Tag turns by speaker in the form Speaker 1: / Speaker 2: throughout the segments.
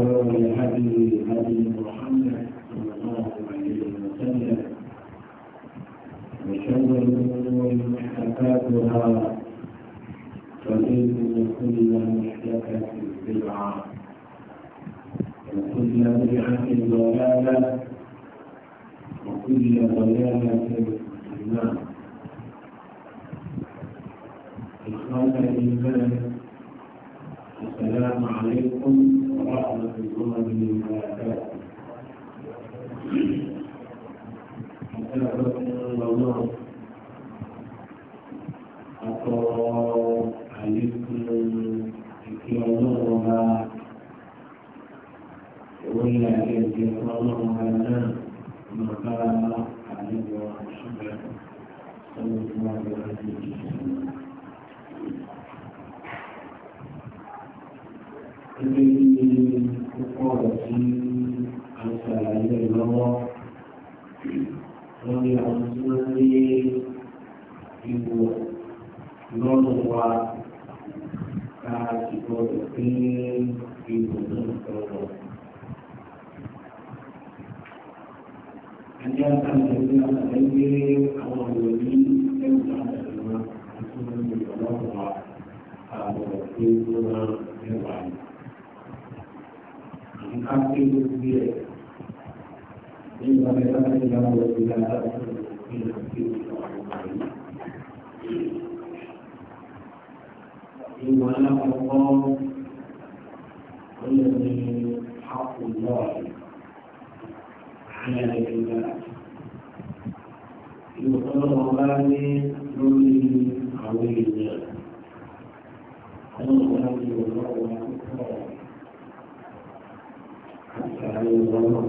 Speaker 1: صلى الله عليه وسلم وشر الامور محدثاتها فان كل محدثه بدعه وكل بدعه ضلاله وكل ضلاله ọba ní lórí àwọn èèyàn ẹ̀yìn ìgbà ní ọlọ́wọ́ púpọ̀ àti ààrẹ ìwọ́nà.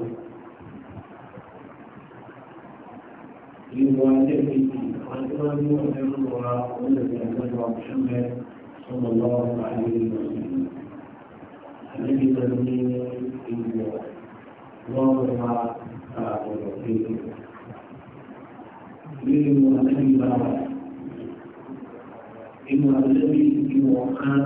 Speaker 1: Ìwọ adébìtì àjọ́jú ẹ̀rọ wa olùdíje àjọ́jọ́ ọ̀ṣunmẹ́ sọ̀rọ̀ lọ́wọ́ ààrẹ ìwọ̀n. Àlejò ní ìwọ̀ lọ́wọ́ wa ìmọ̀ àti ìbára ìmọ̀ àti ìwọ̀n kan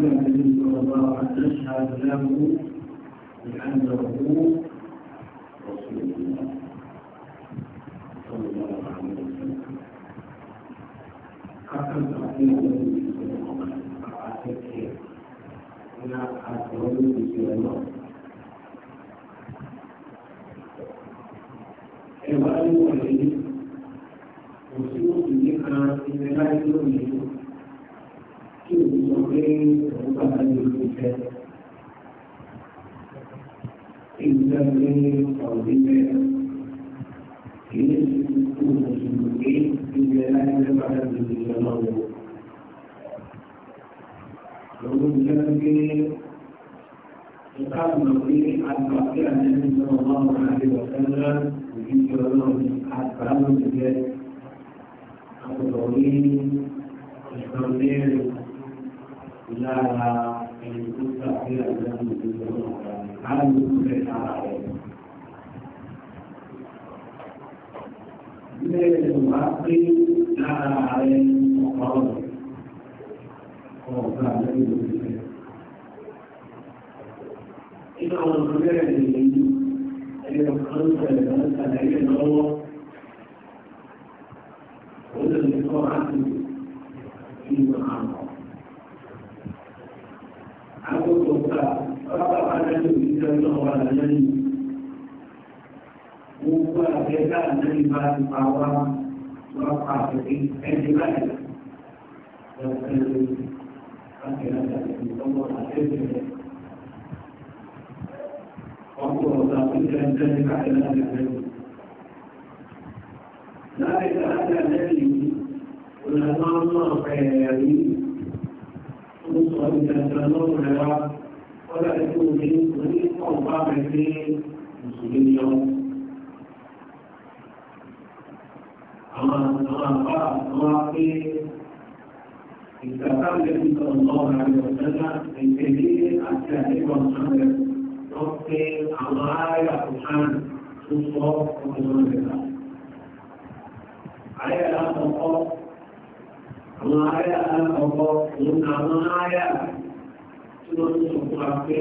Speaker 1: يقول النبي صلى الله عليه وسلم اشهد له بانه رسول الله صلى الله عليه وسلم حكم تعليم النبي صلى الله عليه وسلم فاعتقد ان اعتقد في الله ايوه ايوه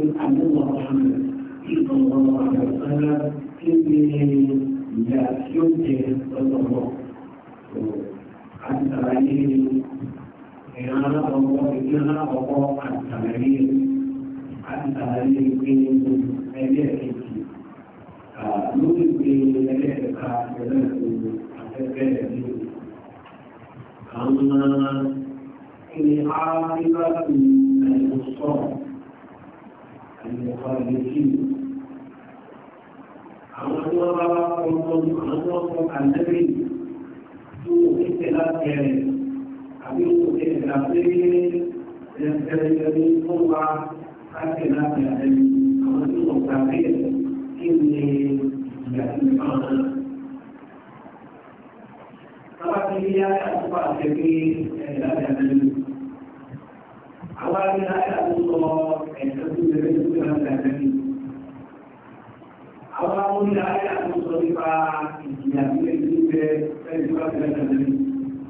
Speaker 1: عن محمد صلى الله عليه وسلم كيف لا يمكن التطرق عن ثمانين إعانة الله إنها الله عن ثمانين عن ثمانين من ملائكة نوجد من ملائكة أما إن عاقبة àlẹ́rí tó kéde láti ẹ̀rẹ̀ àbí tó kéde láti ẹ̀rẹ̀ tó wá láti láti ẹ̀rẹ̀ àwọn tí wọ́n gbà bí ẹ̀ kí ni ìyá tí wọ́n máa ń Àwọn ti rí ayé àtúkọ àti ẹgbẹ́ ẹ̀dá ìdájọ́. Àwọn ti rí ayé àtúkọ àwọn amúnilá ayé àtúnṣọ nípa ìjìyà nílé níbẹ̀ fẹ́ẹ̀ nípa ìjìyà nílé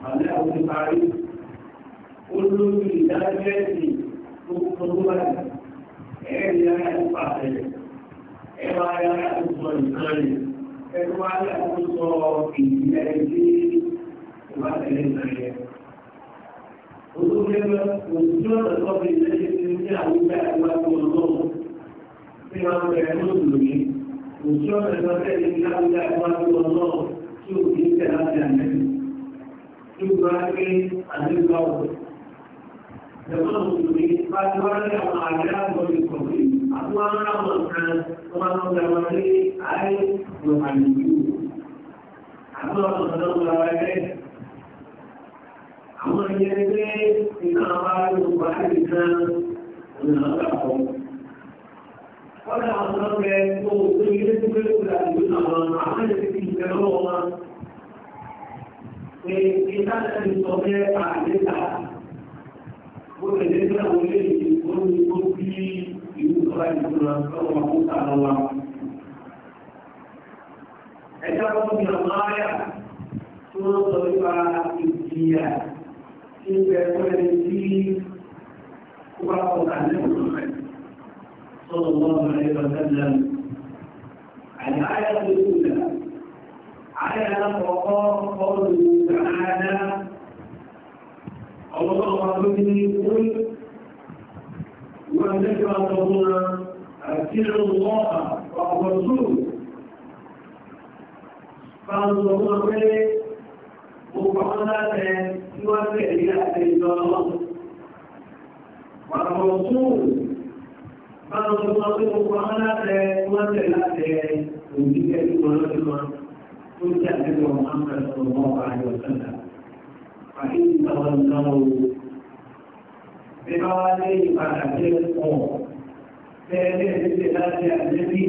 Speaker 1: àwọn àwọn ti parí olórí ìdájọ́ ẹ̀sìn tó tó báyìí ẹ̀rí ayé àtúnpàṣẹ ẹ̀rọ ayé àtúnṣọ ìkànnì ẹ̀rọ ayé àtúnṣọ ìjìyà ẹ̀sìn ìwà tẹ̀lé ìtẹ̀lé. olórí ẹgbẹ́ òṣìṣẹ́ ọ̀dọ́ tó fi ìtẹ̀lé ti ní àwọn ìgbà ìwà tó lọ́wọ́ tí wọ́n bẹ̀rẹ̀ lóṣù lónìí òṣìṣẹ́ ọ̀rẹ́sọ́fẹ́ ní láwùjá ìwájú ọlọ́ọ̀ tí ò ní tẹ̀ láti àmẹ́lú tí ó bá gbé àdébá ọ̀rọ̀. Ìjọba òṣèlú bá ti wá ní àwọn àgbẹ̀ àgbọ̀dì kọ̀wé àtúwá ń ráwọ̀ kan tó máa ń gba wọn ní ààrẹ ìrọ̀lẹ́yìn. Àtúwá ọ̀sán náà wọ́n ra ẹ̀ àwọn ìyẹn pé ìtàn àbáyé Pada orang yang tu sendiri tu kerja di dalam apa yang kita kerjakan. Kita akan sobre agenda. Bukan jadi boleh dikurung kurbi itu orang itu kalau mampu tak Allah. Kita kalau tidak maya, suruh terima dia. Ini berpotensi kurang orang yang صلى الله عليه وسلم عن الآية الأولى على وقام قوله تعالى الله به قل وذكر هنا اتقوا الله والرسول فانظروا اليه وقالت يوافق الى الله والرسول Báwọn tó máa pé gbogbo àwọn aláṣẹ wọ́n tẹ̀ láṣẹ òbí tẹ̀lé wọn lọ́dún wọn tó jẹ́ àtẹ́lẹ̀ wọn máa ń bẹ̀rẹ̀ sọ̀rọ̀ mọ́ ọ̀rọ̀ ayọ̀ sọ́dà. Àyè ìgbàwọ̀ nǹkan o. Bí bá wá lé ìpadà jẹ́ pọ̀, tẹ́lẹ̀ tẹ́lẹ̀ láṣẹ àjẹ́bí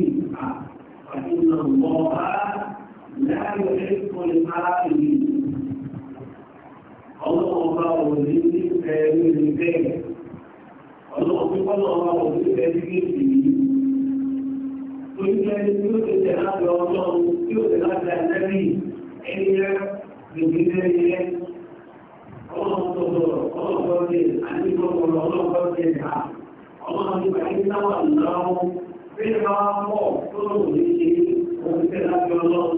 Speaker 1: à àti ìgbàwọ̀ bá láàyò ẹ̀kọ́ ìpárá ọlọ́wọ́ pé kọ́ lọ́wọ́ wa òun ti bẹ́ẹ̀ sí èsì yìí. Oníṣẹ́ ẹni tí ó ti tẹ̀ láti ọlọ́run tí ó tẹ̀ láti àtẹ́rì ẹni rẹ̀ lòdì lẹ́yìn rẹ̀. Ọlọ́run tó sọ̀rọ̀ ọlọ́run tẹ̀ àti ìgbọ̀ngàn ọlọ́run tẹ̀ ká. Ọlọ́run ti bàyí náwà lọ́wọ́ pé bá pọ̀ tó lòun ní ṣe òun tẹ̀ láti ọlọ́run.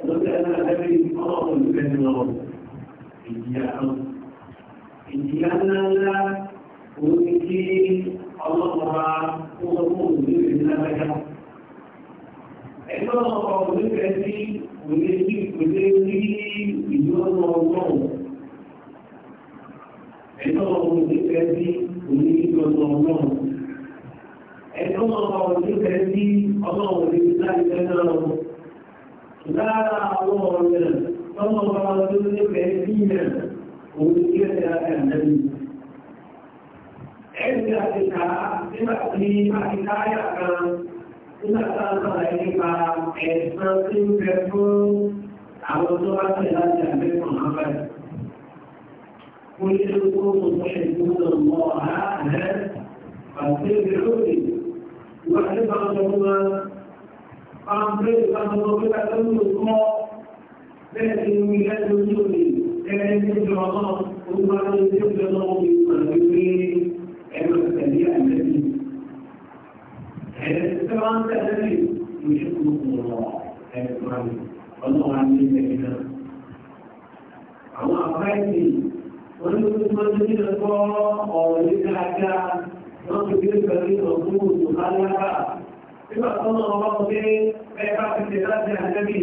Speaker 1: Òun tẹ̀ láti àtẹ́rì ọlọ́run ti bẹ́ẹ̀ lọ. Ìjìyà náà. Ìjìyà náà òun ni kí ọlọ́pàá tó sọ fún òun ní ìrìn lágbájá. ẹgbẹ́ ọlọ́pàá òun ní fẹ́ sí òun ní kí ìpèsè sí ìlú ọlọ́pàá ọlọ́run. ẹgbẹ́ ọlọ́pàá òun ní fẹ́ sí òun ní kí ọlọ́pàá ọlọ́run. ẹgbẹ́ ọlọ́pàá ẹ̀yìn àti ìta nígbà tí àti táyà kan nígbà táwọn ọ̀rẹ́ nípa ẹ̀sán tí ń bẹ fún àwọn tó bá tẹ̀ láti àgbẹ̀kọ̀ náà bẹ̀rẹ̀. Mo ní ṣe kó mo mọ ìgbóná mọ́ ọ̀rá rẹ̀ àti ìgbé lóde. Ìwà ní báwọn ọmọ máa ń gbé ìbámu ọmọ pípa tó ń lò kọ́ bẹ́ẹ̀ ni mi lẹ́nu lóde ẹni tó jọ ọmọ òun bá lóde tó jọ ọmọ òun pẹ̀lú عبر السريع الذي الكرام الذي يشكركم الله هذا الكرام والله عزيز بنا àwọn àpáìsì wọ́n ní kí wọ́n ní lọ́kọ́ ọ̀rọ̀ ní dáadáa wọ́n ti gbé pẹ̀lú ọ̀gbọ́n òṣù kálára nígbà tó ń lọ́wọ́ pé ẹ bá ti ṣe láti àjẹ́bì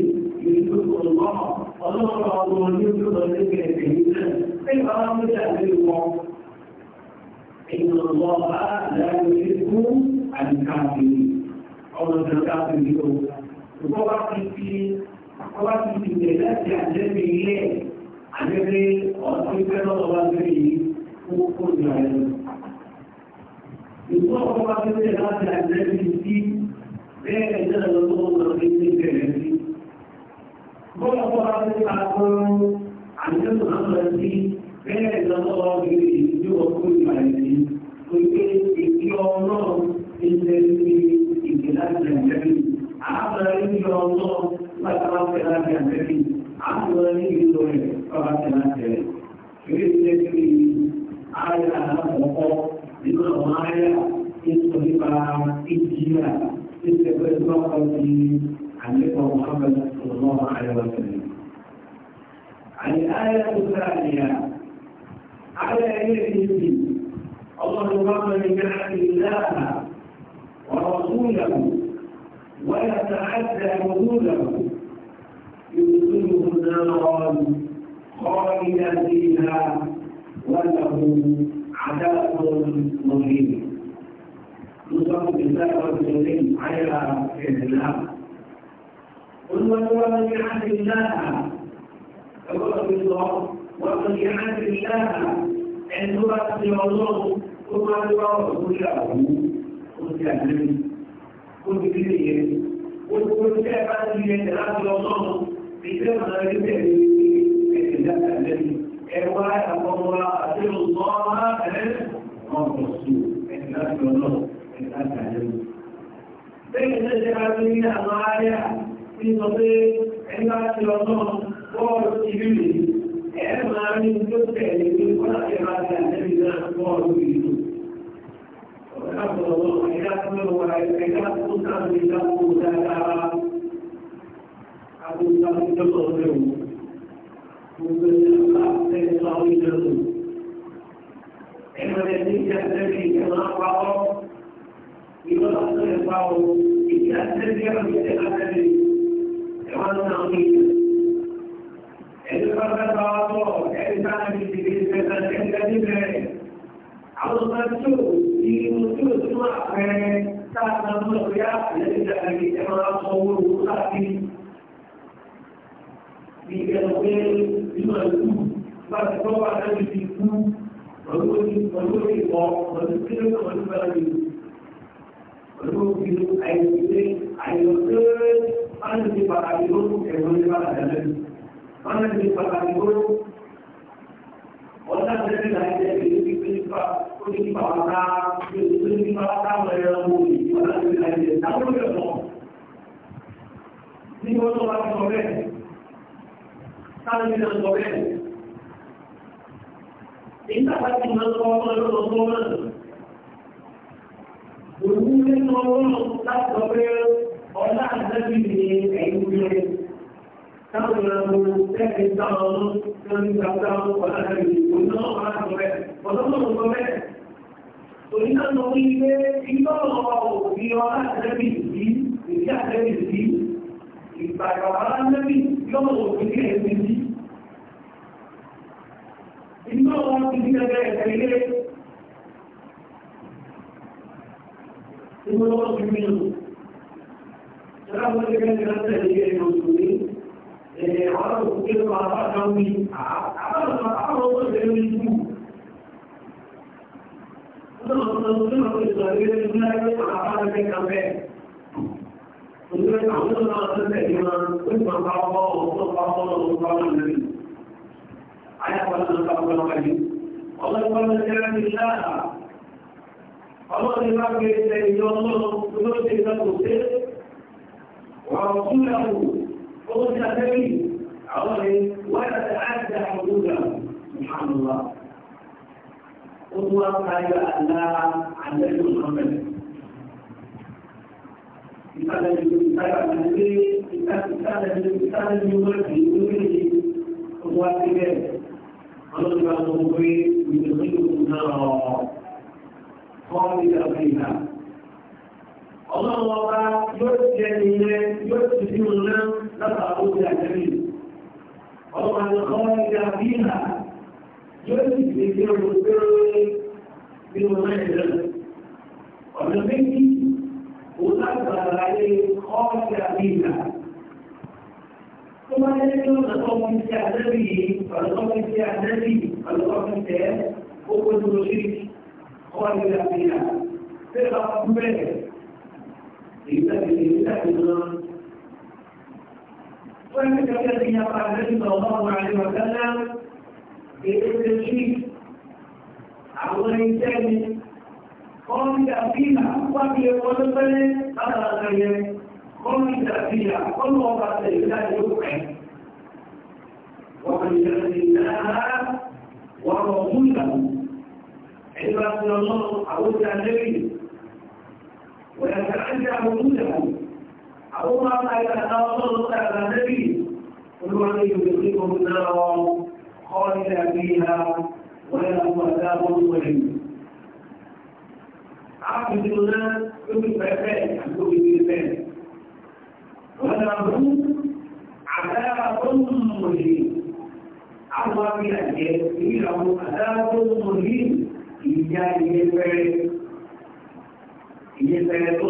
Speaker 1: ìlú ọ̀gbọ́n ọlọ́run ọ̀gbọ́n ní ojú ọ̀rọ̀ ní ẹ̀sìn nílẹ̀ إن الله لا يحب الكافرين ọmọ ìjọba ìlú ìgbọ́ bá ti fi ọba ti fi lè láti àjẹ́bí ilé àjẹ́bí ọdún ìfẹ́ lọ́wọ́ bá ti rí kókó ìjọ ẹ̀rọ. ìgbọ́ ọba bá ti lè láti àjẹ́bí sí bẹ́ẹ̀ ẹ̀jẹ̀ lọ́wọ́ lọ́wọ́ lọ́wọ́ ní bẹ̀rẹ̀ sí. bọ́lá ọba bá ti ta fún àjẹ́bí lọ́wọ́ sí bẹ́ẹ̀ ẹ̀jẹ̀ lọ́wọ́ lọ́wọ́ ọkùnrin ìmàlẹ̀ tó gbé ìdí ọlọ́run ilẹ̀ ní ìgbèlá ìjẹ̀mẹ́rin àbẹ̀rẹ̀ ní ọlọ́run látara fẹ́lá ìjẹ̀mẹ́rin àbẹ̀rẹ̀ ní ìlú rẹ̀ bàbá fẹ́lá tẹ̀lẹ̀ kìí ṣe kí ayé alákọ̀ọ́kọ́ nínú àwọn ayé ètò nípa ìjìyà tí ìṣẹ̀fẹ́ ìgbàkọ̀ ti àlékọ̀ Muhammad sallallahu alaihi wa sallam. الآية الثانية على يده اللهم من نعم الله ورسوله ويتعدى حدوده يدخله النار خالدا فيها وله عذاب مهين نصرف بالله والسليم على فعل الله قل من هو من يعهد الله فهو بالله وطيعا الله عندما الله وما الله كل أبو كل أهل كل كلية وكل شعبات يدرس الله بكم غير الذي أوعى أمر أسر الله الرسول إن أسر الله إن أسر بين الجبالين أضايا في طريق عند أسر الله وارتبه ẹ máa rí tó tẹ̀lé ní wáṣẹ máa ṣe àtẹ́bí náà fún ọdún ìlú. Ọ̀gá àbọ̀lọ̀ ẹ̀dá tó lọ wà ẹ̀dá tó sáàbí ẹ̀dá tó dáadáa. Àbúrò sáàbí tó lọ rẹ̀ wò. Gbogbo ẹ̀dá bá fẹ́ sọ́ọ́ ìjọ́sùn. Ẹ̀mọ̀lẹ̀ ní ìjà tẹ́lẹ̀ ìjọ máa pa ọ́. Ìjọ máa tẹ́lẹ̀ pa ọ́. Ìjà tẹ́lẹ̀ ẹni bá fẹ́ bá wá bọ̀ ẹni bá ní ìdílé ìfẹ́ta ẹgbẹ́ níbẹ̀. Àwọn ọmọ tí ò sí inú tí ò sí máa fẹ́ táàtà mọ́ ìyá ìyẹ́lẹ́ ìdàgbé ẹ máa sọ owó owó láti ní ìgbẹ́nu pé nínú ẹ̀kú bá ti tọ́ wà lẹ́yìn ti kú pẹ̀lú orí ìwọ pẹ̀lú kí ló kàn ní bẹ́ẹ̀ ni pẹ̀lú òfin àìsílẹ̀ àìlọ́sẹ̀rẹ̀ máa ń ṣe pàtàkì lórí ẹ̀rọ ìbára ẹ̀lẹ́yìn mana dipatahkan orang dari lain dari kita kita pada kita pada melalui mana dari lain tahu tidak mau ni orang orang sore kalau tidak sore kita pasti melakukan melakukan Bukan orang tak sore orang dari ini ayuh táwọn ẹni táwọn ọmọ tó ń gba táwọn pàtàkì ní ẹ̀sìn sí. Iná wọn ti ní ẹgbẹ́ ilé. Ìgbọ́n lọ́wọ́ ti mí lò. Ṣé àwọn òkúté ló máa bá kan wí àwọn ọmọ ìṣẹ́ ní ikú Ọlọ́pàá ń jẹ́ ẹni láàá, ọlọ́pàá ń bá gbé ẹ̀yọ́ ọlọ́run tó ló ṣe ìdákòó tẹ́, wà ọ̀tún lẹ́kùn قلنا تبي عظم وتتعدى حدوده سبحان الله قدوة قريبة الله عن نبي محمد كتاب الكتاب النبي كتاب كتاب الكتاب النبي يمكن قدوة كبيرة قلت لهم يدخلكم نارا خالدا فيها الله يرجى يرجى تقع يا جميل وقد خرج فيها يجب في الرسول بالمنزل وبالبيت وتقبل عليه خرج فيها ثم يجب تقوم استعداده فالقوم استعداده فالقوم استعداده هو المشرك خرج فيها فقط مبارك لذلك لذلك وانك الذي يقع النبي صلى الله عليه وسلم بالتجهيز عن الانسان قوم تأثيرها وفي قلبه هذا غير قوم تأثيرها كل وقت لا يوقع ومن يرد الله ورسوله عباد الله عود النبي ويتعدى حدوده àwọn máa ń ka ọlọ́run tààrà lẹ́bí olúwọ́n ní ìlú tí kò náà kọ́ nílẹ̀ àbí ha wọ́n yà wọ́n àdá wọ́n wọ̀nyí. Àbùdó náà ló fi pẹ́pẹ́ àgbóbi ní pẹ́. Wọ́n náà àbí àjẹ́ wọ́n wọ̀nyí ìyá ìyẹ́fẹ́ ìyẹ́fẹ́ tó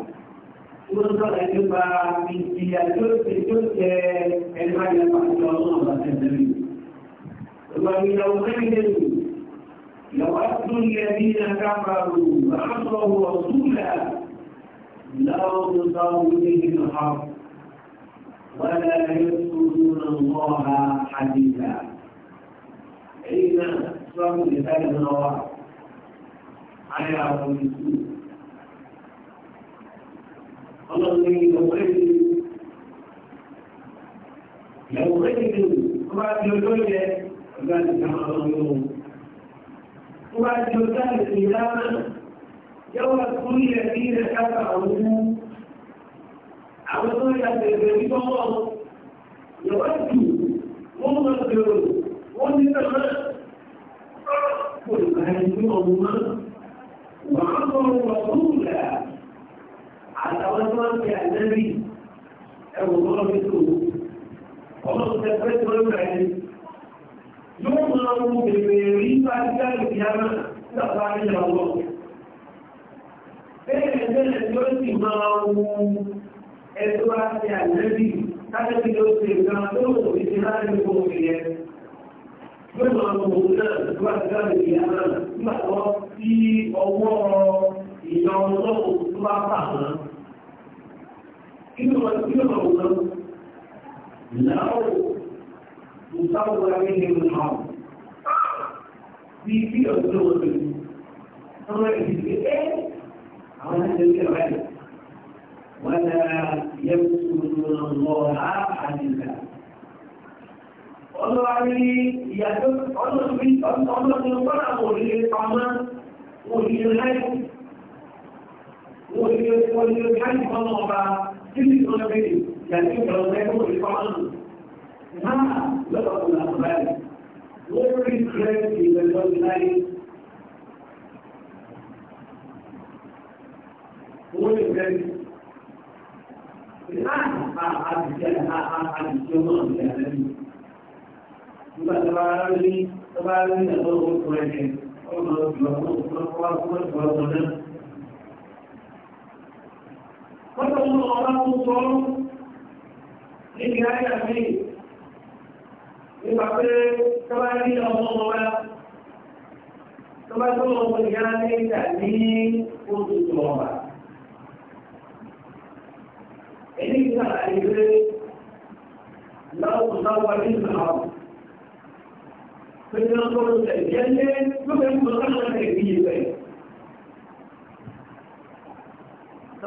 Speaker 1: wọ́n sọ̀rọ̀ nípa ìjìyà tó ṣe tó ṣe ẹni máa yẹ الذين كفروا عصوا رسولا لو تصوره الحق ولا يذكرون الله حديثا. إن صوم لسان الله على رسول ọlọ́run ní ìlọ́pẹ́lẹ́ ìlọ́pẹ́lẹ́ tó bá di ọjọ́ yẹ ọ̀gá ìjà ọlọ́run ló tó bá di ọjọ́ ìjà yọ́wọ́ tún yẹ kí ilẹ̀ kápá àwọn àwọn tó yà bẹ̀rẹ̀ ní tọ́wọ́ yọ̀wọ́ tù wọ́n mọ̀ bẹ̀rẹ̀ àtàwọn tó ń pè àlẹ́rí ẹ̀wọ̀n tó lọ́ fi tó ọmọ tó tẹ pé tó ń rẹ̀ ni yóò máa mú bèbè rí bá dá ìyára nígbà ní ọwọ́ bẹ́ẹ̀ bẹ́ẹ̀ yóò sì máa mú ẹ̀tọ́ àti àlẹ́rí láti ló ṣe ìgbàmà tó lò ní ti láti ní kò fi yẹ yóò máa mú òun náà nígbà dá ìyára nígbà tó sí ọwọ́ ìyá ọlọ́run tó bá pàmò كلمة كلمة وقلب لو تصور عليهم الحرب في في أسلوب ثم يجب أن يجب ولا يمسكون الله عن الله Ọlọ́run ní ìyàtọ̀ ọlọ́rin ọlọ́rin ọ̀pọ̀lá òrìlẹ̀ pàmọ́ òrìlẹ̀ láìpù, òrìlẹ̀ òrìlẹ̀ láìpù ọmọ ọba كل ما بين يعني لو ما يكون في عنه ما لقب الأخبار ويريد خير في بلد الله ويريد الآن عاد عاد عاد يوم يعني تبارك تبارك الله سبحانه وتعالى وما يقول الله سبحانه وتعالى وتقول الله صوم لنهاية فيه يفكر كما يريد الله كما تقول بنيان تعليم قلت الله إن كان عليه لو تصور في الأرض فإن الله الجنة يمكن أن تكون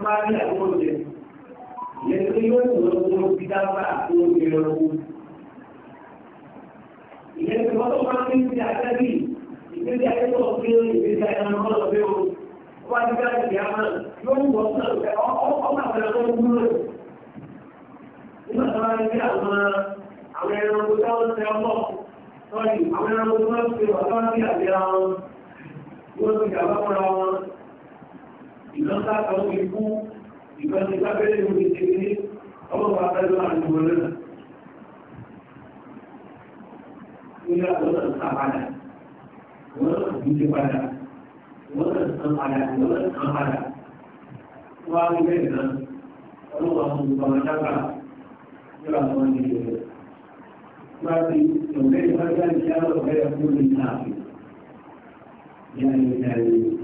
Speaker 1: bá wọ́n ti dá ìgbé àmà wọn ìlọ́ta kan fi kú lábẹ́lẹ̀ ló ti ní ọlọ́pàá abẹ́lẹ́ àti wọlé náà. Nígbà tó lọ sá padà, wọ́n ní ìtàkùn. Yára ìyá ìyá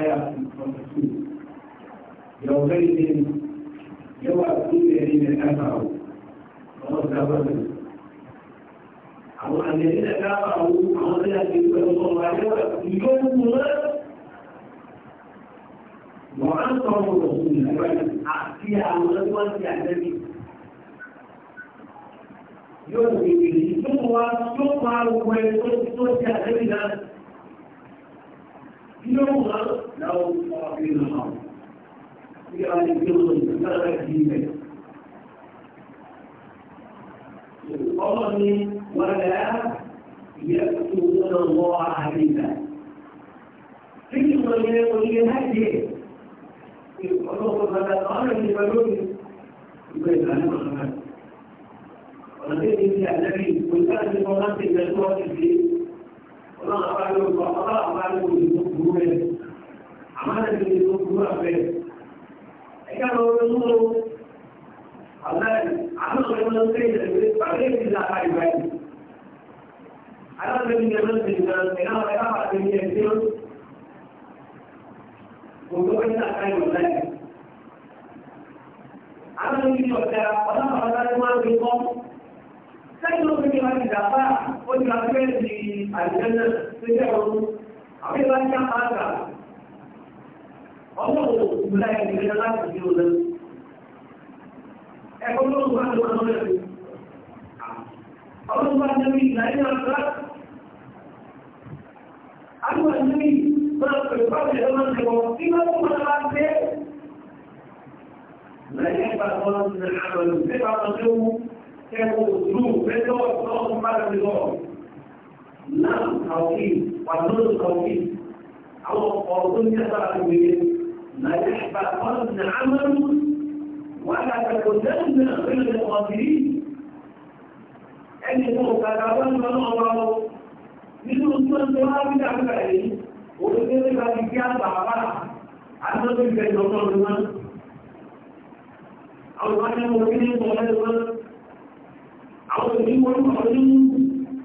Speaker 1: آية 52 يومئذ يوى كل الذين كفروا وغزوهم أو أن الذين كفروا أغنى بالرسول يوم وأنصروا الرسول فيها غزوة النبي yóò fi ìlú tó wá tó máa wọ ẹgbẹ́ tó ti àtẹ́bí náà ينظر لو في الحرب في آل يوسف بلغ دينه قال ولا يكتبون الله علينا فكر ولي هذه الحروف فلا قال لبنون يبين عن محمد ولكن النبي كنت أهل مرات من الوقت ọlọ́run àbáyé olùkọ́ ọlọ́run àbáyé olùkọ́ burú rẹ̀ àmọ́lẹ́bí ni ó burú àbẹ́ ẹ̀ka lọ rẹ̀ mú o àbẹ́ àlọ́run ẹ̀mọ́ ń tẹ̀lé ìrẹ̀lẹ́ pàdé ìdílé àbá ìgbà yìí alábẹ́bí ni ẹ̀mọ́ ń tẹ̀lé ìrẹ̀lẹ́ náà ẹ̀ka pàdé ní ẹ̀sẹ̀ gbogbo ẹ̀ka àkáyọ̀ lẹ́yìn alábẹ́bí ni ọ̀tẹ̀ ọlọ́run àbáyé máa ń sẹ́yìn ló fi ní wọn ti dàgbà ó ti máa fẹ́ di àìsẹ́lẹ̀ tó jẹ́ ooru àwọn ìbá ní apá àgbà ọmọ òkú láì ní ilé láti di olè ẹ̀kọ́ ló ń wá lọ́wọ́ lọ́wọ́ ọmọ ìbá ní orí ìlànà ìlànà àwọn ìlú máa pẹ̀lú báwọn ẹ̀rọ máa ń lọ wọ́n tó máa máa gbé lẹ́yìn ìgbà tó ń rìn كانوا ذنوب فإنه أصلاهم ماذا بذنوب نعم توحيد والنور التوحيد أو قوضون يسرع المين لا يحبطن عمل ولا تكونن من الغافلين أن تتكون من الله من أصول الدعاء من أعماله وتكون ذلك بعضها عن نظر كيف يقول أو أن المؤمنين قولوا àwọn ìdíwọ́ ní ọdún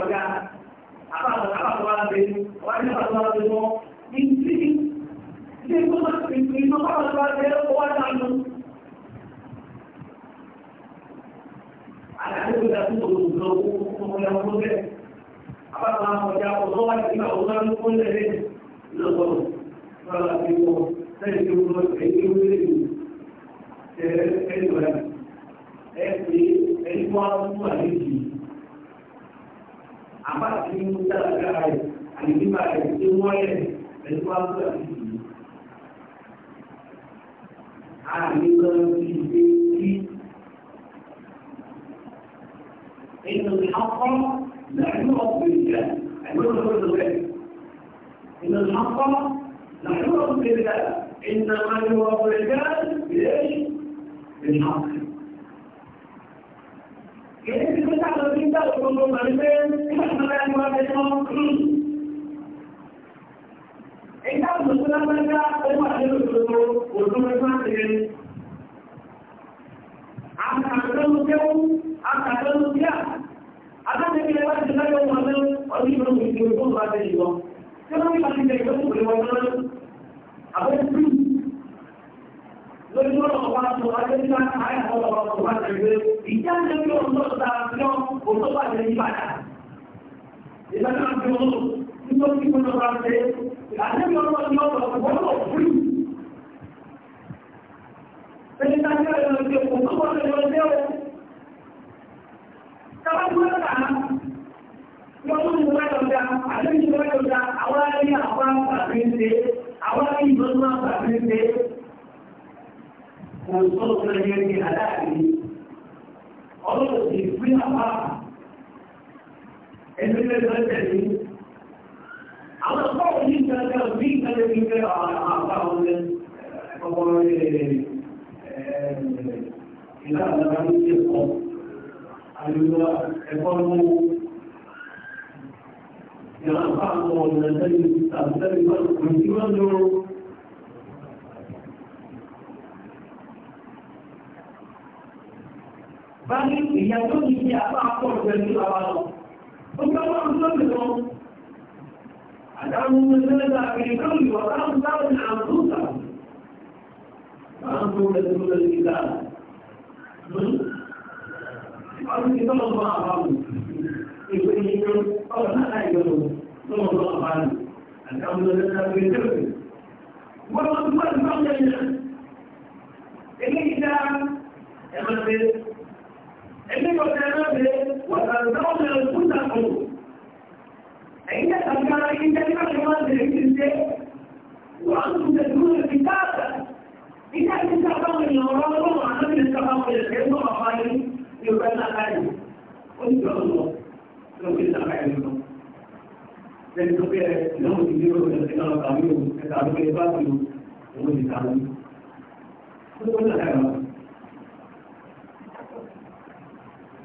Speaker 1: ọ̀gá ẹ̀ẹ́dì ẹ̀ẹ́dì wọn fún àlejò àbá àti ní mo sára ká rẹ̀ àti nípa rẹ̀ tí wọ́n yẹ pẹ̀lú wá sí àtìsí. Àmì kan ti ṣe sí. Ènìyàn ti akọ́ lẹ́nu ọ̀pọ̀ ìjà ẹgbẹ́ olóòtú rẹ̀. Ènìyàn ti akọ́ lẹ́nu ọ̀pọ̀ ìjà ìnàmàlú ọ̀pọ̀ ìjà ìrẹ́lì ìnàmàlú. èyí ti fi sáà lọ sí ìjà òkúrò pẹ̀lú pé nígbà tí wọ́n bá ń bẹ tán kú. Ìjà òkúrò tó lágbájá ó wà nínú ìṣòro òdúró máa ń ṣe. Àkàtúntò kéwú, àkàtúntò kíá, adájẹ́kẹ́lẹ́ wá ti láyé wọn lọ ọdún ìlú ìgbìmọ̀ tó bá tẹ̀lé lọ. Tí wọ́n bá ti tẹ̀lé lọ́kùnrin wọn lọ, àbẹ́ lórí lọ́wọ́ ọba tó adébíyá àyà ọ̀rọ̀ ọ̀rọ̀ ọba tẹ̀lé ìjà ń lébí ọ̀dọ́ ta fíọ́ ọ̀dọ́ bá lè yí padà. ìdájọ́ àti ọ̀rọ̀ nítorí òṣòro tó lè ní aláàrí ọlọ́rọ̀ sí fún àpá ẹgbẹ́ lẹ́gbẹ́ tẹ̀lé àwọn ọ̀pọ̀ òní ìgbàgbà bí ìgbàgbà bí ìgbàgbà àpá ọ̀rẹ́ ọmọ ìlànà àti ẹ̀kọ́ àlùlọ ẹ̀kọ́ mú ìlànà àpá ọ̀rẹ́ tẹ̀lé tàbí tẹ̀lé bá ní ìyá tó ní ṣe àpá àpọ̀ pẹ̀lú bàbá lọ. Ó gbá wọn tó lè lọ. Àdáwọn ọmọ ẹgbẹ́ ẹgbẹ́ àgbẹ̀rẹ̀ tó lè wọ́n láwọn láwọn ní àdúgbà. Máa ń hmm? tó lè tó lè ní ìgbà. Ọdún ti tọ́lọ̀ bọ́ àbáwò. Ìgbé ní ìjọ ọ̀rọ̀ náà ìjọ tọ́lọ̀ bọ́ àbáwò. Àdáwọn ọmọ ẹgbẹ́ àgbẹ̀rẹ̀ tó lè. Wọ́n lọ sí wọ́n ti tọ́lọ̀ yẹn. Eléyìí dá ẹ̀mọ́ ẹgbẹ́ kọjá náà bẹ wàtàlùdáwọ̀n náà kú sàkó ẹ̀yìn àtàkàrà yìí jẹ́ nígbà tí wọ́n ti rí ti ṣe wọ́n tún tẹ̀ dúró lè fi káàkà nígbà tí sábàwọn èèyàn ọ̀rọ̀ ọlọ́run àtàkùn sábàwọn èèyàn tẹ̀ ń bọ̀ bàbá yìí ní ọgbẹ́ nàkàyè ó ti lọ lọ lókè nàkàyè lọ. Ẹni tó kẹ́ ẹ̀ lọ́wọ́ ti dúró lọ sí ọ̀rọ̀ tàbí òun ẹ̀ka àdúgbò ẹ̀ bá ti lò òun ti tàbí. Ó tó kọ́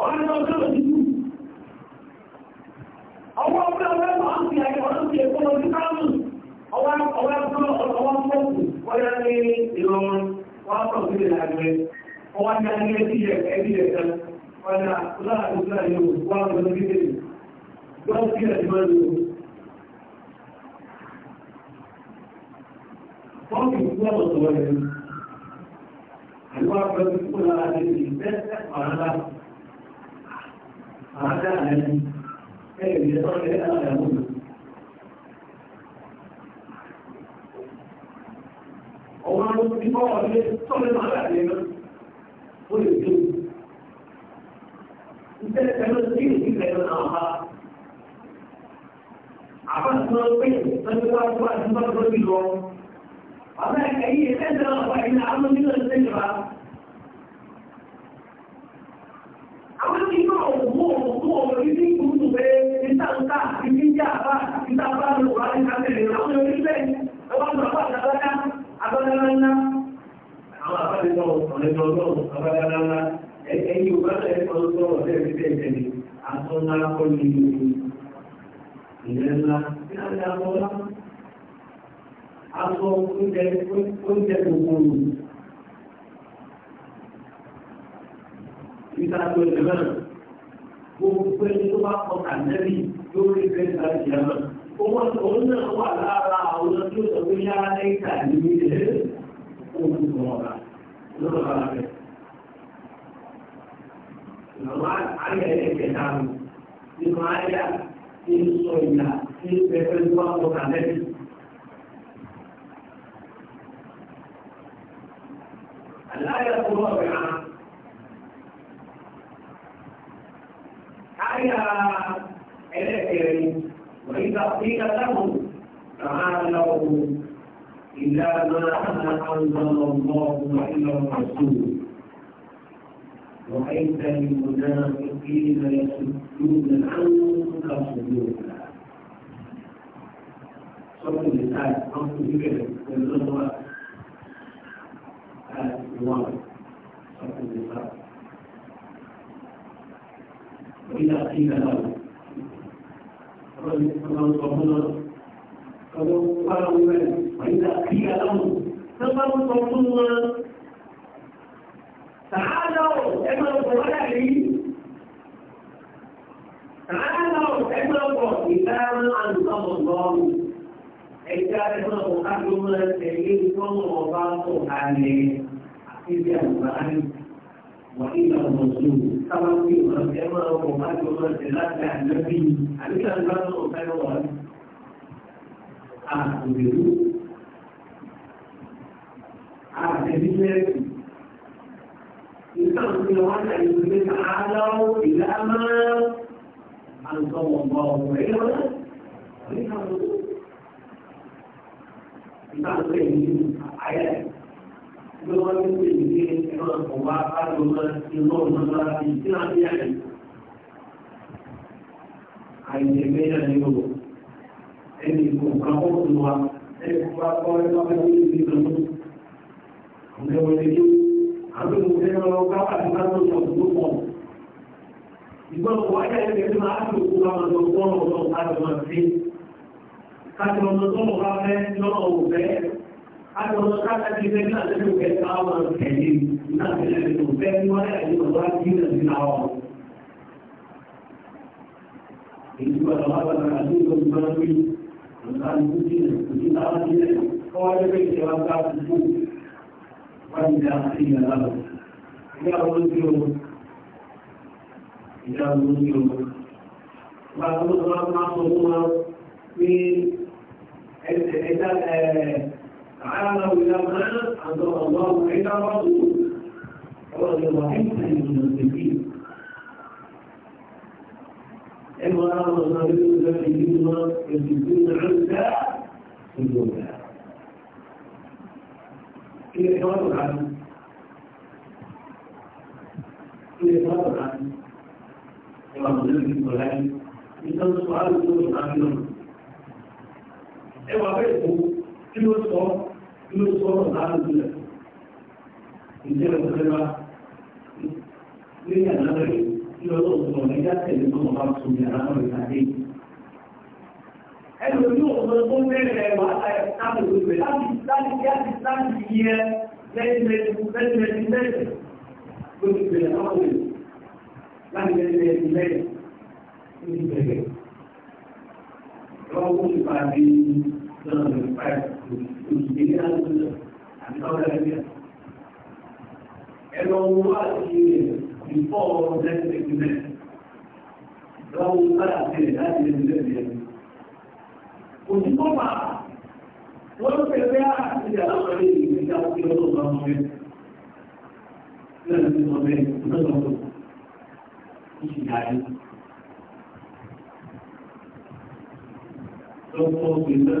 Speaker 1: ọ̀rẹ́ náà tó lọ sí kú. ọwọ́ ọgbẹ́ ọgbẹ́ máa ẹ̀kọ́ lọ àádá àlẹ́bí ẹgbẹ̀ ìjọsọ́lẹ̀ àlẹ́bí ọmọ tí wọ́n wọ́n lé tọ́lẹ̀ máa láti lè tó ìtẹ́lẹ̀ pẹ̀lú tí ìlú pẹ̀lú àwọn lọ Àwọn ẹ̀yìn ẹ̀fẹ́ àwọn onílọ̀ ìṣẹ́jọba àwọn tí yóò wò mú òun fún ọmọ yìí ní kúrú pé ìtàkùtà ìdíjà bá ìtàkùtà ló wà ní káfíńtì àwọn orí bẹ́ẹ̀ ẹwà ń bàbá àtàkàtà abẹ́lẹ́lá ńlá. àwọn abẹ́lẹ́lá ọ̀rẹ́dọ̀ ọlọ́run abẹ́lẹ́lá ńlá ẹ̀yìn òbẹ́lẹ̀ ọlọ́run ọ̀rẹ́ ìbẹ́ẹ̀tẹ̀lẹ̀ àtọ́nà kọ́ni ìrẹ́ ńlá ní àjẹ́ àbọ̀lá. aṣọ oúnjẹ gbogbo ìtàkì ìrìnà gbogbo ẹni tó bá kọ kàndẹ́rì lórí kẹta ìjàmà owó òun náà wà lára àwọn tí ó sọ pé yára ní ìtàkì ìrìnà òun tó ọ̀rà lọ́rọ̀ bára rẹ̀ àwọn ayẹyẹ kẹta mi nínú ayá tí ń sọ ìyá tí ń pẹpẹ tó bá kọ kàndẹ́rì. Àláyà tó wà wẹ̀ آية إليهم وإذا قيل لهم تعالوا إلا ما أنزل الله وإلا الرسول رأيت المنافقين يصدون عنك صدورا صوت النساء صوت الذكر والنظرة الواقع صوت النساء إلى حين له فلو قالوا من وإذا قيل لهم سمعوا صوت الله تعالوا امروا بغيري تعالوا امروا إلى ما أنزل الله Ẹja ẹgbẹ́ ọ̀pọ̀ ká ló máa ń tẹ̀lé ìfọ́nà ọba tó hàn ní àti ìdí àgbà ní. وإلى الرسول كما في مرتبة وما في مرتبة النبي أليس الباب خيرا أخبروا أعتبر إنسان في وانا يقول تعالوا إلى ما أنزل الله خيرا وإلى الرسول إنسان في آيات ló wọ́n ti pè ní ẹ̀rọ ọ̀wá àlọ́ náà ti lọ́wọ́ náà lára ti sí àti àyè. Àyè mẹ́ta ni o. Ẹni kò kàn ó lù wá. Ẹni kò bá kọ́ ẹ lọ́wọ́ ní ìlú ìlú. Ọ̀gá wọlé ní. Àbí mo fẹ́ lọ bá àti bá tó sọ tó pọ̀. Ìgbọ́n kò wáyà ẹgbẹ́ tí máa tó kó máa lọ gbọ́n ọ̀dọ́ àjọ máa Àjọ ọ̀sán láti ilé náà lẹ́nu ìgbẹ́ táwọn ẹ̀yẹ náà ti lẹ́nu tó fẹ́ ní wọ́n ẹ̀yẹ ọ̀dọ́ àti ìlẹ̀ sí náà wọn. Èyí wà lọ́wọ́ àwọn àti ìlú tó máa ń rí ọ̀sán ní kúkí rẹ̀ kò sí náà sí rẹ̀ kọ́ wáyé pé ìṣẹ́ wa gbá ti fún wọ́n ní àti ìyẹn lálọ́. Ìyá wọn ti o, ìyá wọn ti o, wọ́n á lọ́wọ́ máa sọ fún wọn pé ẹ̀ẹ́dá ẹ̀ẹ́ تعالوا إلى ما أنزل الله عند الرسول رضي الله عنه المنافقين إما أن الرسول الذين يسجدون عنك سجودا كيف يقول عنه كيف يقول عنه في النبي صلى الله عليه وسلم يسأل سؤال يقول عنه إما بيته في يقول kí ìjọba ní àlàáfẹ́ kí lọ́wọ́ sọ̀rọ̀ nígbà tẹ̀lé tó wọ́n bá tún ní àlàáfẹ́ ìtàgé. ẹnu tí ó sọ fún mẹ́rẹ̀ wà Ẹ̀rọ wá sí ìfọ́ ọ̀rẹ́ ìpínlẹ̀. Lọ́wọ́ sára sílẹ̀ láti ilé ìlẹ̀. Òṣìṣọ́ máa wọ́n tó fẹ́ fẹ́ àti o ìgbésà òkè ọdún bá mọ́ rẹ̀. Lẹ́nu sọ bẹ́ẹ̀ lọ́dọ̀ ìṣìdáyé. Lọ́pọ̀ òkè náà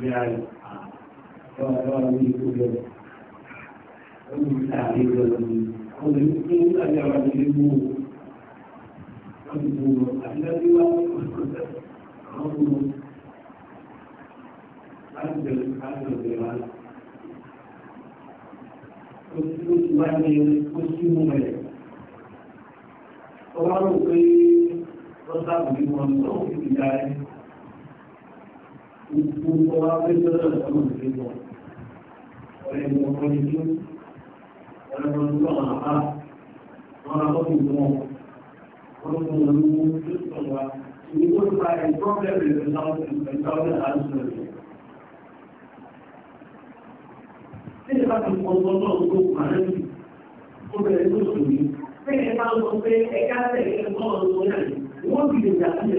Speaker 1: reais. Agora me incluiu. Eu não estava quando eu tenho a minha hora de muro, quando eu muro, a vida de quando eu muro, quando eu muro, que mais dinheiro, consigo mais. Falaram que eu estava de uma não, que me dá, gbogbo ti pọ̀ lọ́dọ̀ tó pàdánù ó bẹ̀rẹ̀ tó sùn ní. Bẹ́ẹ̀ bá lọ pé ẹ̀ka tẹ̀lé ẹ̀kọ́ ọ̀rọ̀ tó náà wọ́n fi lè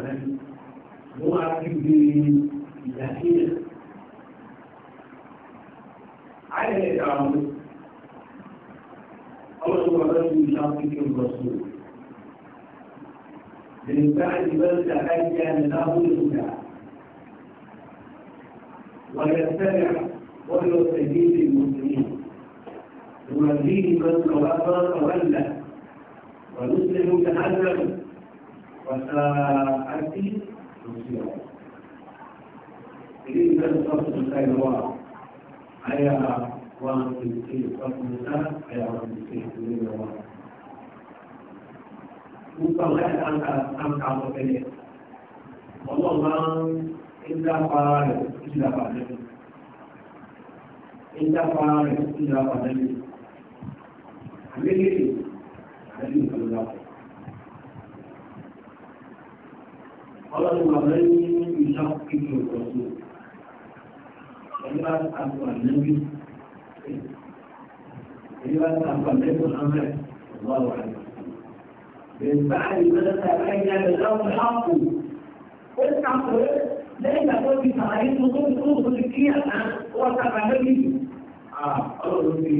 Speaker 1: هو عجيب الأخير على الإكرام أول رجل يشاركك الرسول من بعد بل تبين له الهدى ويتبع كل سبيل المسلمين يوليه من توفى تولى ونسلم جهنم وساءت فيها إذن لم تصل الخير الله أيها وأن تبقي فصل النساء أيها وأن تبقي سبيل الله Gbogbo àwọn ẹ̀ka ń ka ń ka àwọn ọ̀fẹ́lẹ̀. Ọlọ́run máa ń dá para rẹ̀ sí ìdápa lẹ́nu. Ń dá para rẹ̀ sí ìdápa lẹ́nu. Àmì lè àdéhùn ìfọ̀lọ́dà. ọlọ́run àbẹ́ ní ìṣàkóso ọ̀sùn ẹgbẹ́ àpò àlẹ́bí ẹgbẹ́ àpò àlẹ́bí ọ̀sánmẹ́ ọ̀gbọ́n rẹ̀ bẹ̀rẹ̀ báyìí lọ́dọ̀ tàbí ẹgbẹ́ àgbẹ̀dá ọ̀hún ṣáàpù ó ń ṣàpù rẹ̀ lẹ́yìn àpò ti sàlàyé tó tó tó tó ti kí àná wọ́n sàkà lẹ́bí ọlọ́run ti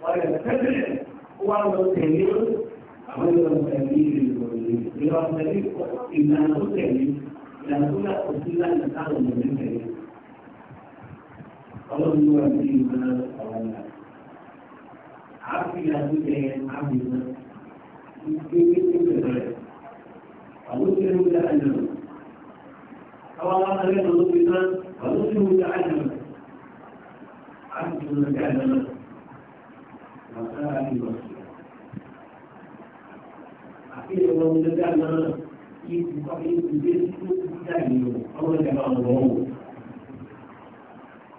Speaker 1: wọ́n yẹ fẹ́rẹ̀ wọ́n lọ tẹ̀lé àwọn ìlànà ìlú ìlànà tẹ̀lé ìlànà tó tẹ̀lé ìlànà tó yàtọ̀ sí lánàá táwọn ọmọ mi tẹ̀lé. ọlọ́run ló wà ní ìlú náà ọ̀rọ̀ náà. àáfi ìlànà tó tẹ̀lé àmì náà ìgbé tó tẹ̀lé rẹ̀. àwọn tó yẹ kó dáa nà. àwọn àwọn àlẹ́ náà ló fi náà àwọn tó yẹ kó dáa nà. àti tó yẹ kó dáa nà. màtá àti màtá ilé wọn ní lọ́jà náà ikú ìgbé tó dá ìlú ọmọ ìjọba ọ̀rọ̀ ọ̀hún.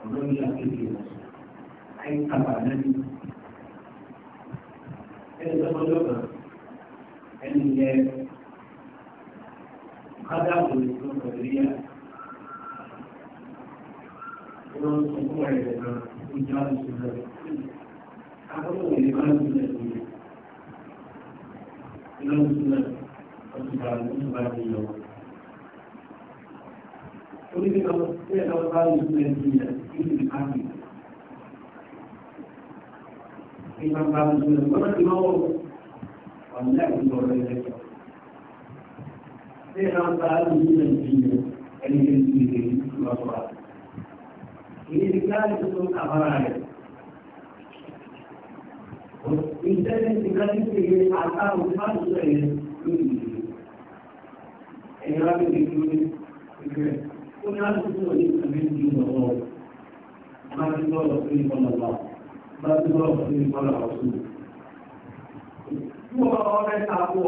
Speaker 1: ọ̀rọ̀ yìí akéde wọn ayé kábà lẹ́nu. ẹni lọ́mọ lọ́mọ ẹni yẹ kádà wọlé tó kọ̀ọ̀lẹ́ yá. wọ́n sọ fún ẹ̀rẹ̀ náà ó já lóṣù náà. akọ́kọ́ wọlé máa ń lọ sí ilé ìsinmi ọ̀tùbà ọ̀tùbà ti yọ. Oríṣi lọ sí ẹ̀rọ bá lè fún ẹni yẹn kí ni káàkiri. Ìgbà bá lè fún ẹni gbọ́dọ̀ ti lọ́wọ́ ọ̀nà ìgbọ̀ rẹ̀ lẹ́jọ́. Sí ẹ̀rọ bá lè fún ẹni yẹn ẹni yẹn ti lè lè lọ́wọ́. Ìyẹn ti káàkiri tó àbára rẹ̀ ìtẹ́lẹ̀sì kan ní pé àtàrò fáṣọ ẹ̀ lórí ìlú ẹ̀yìn rábìlì lórí ìgbẹ́ ó ní láti fún òní ìtàbí ti lọ́wọ́ bá ti lọ́wọ́ sí ìfọ́nàlá bá ti lọ́wọ́ sí ìfọ́nàlá ọ̀sùn Fún ọmọ ọ̀rẹ́ ta kó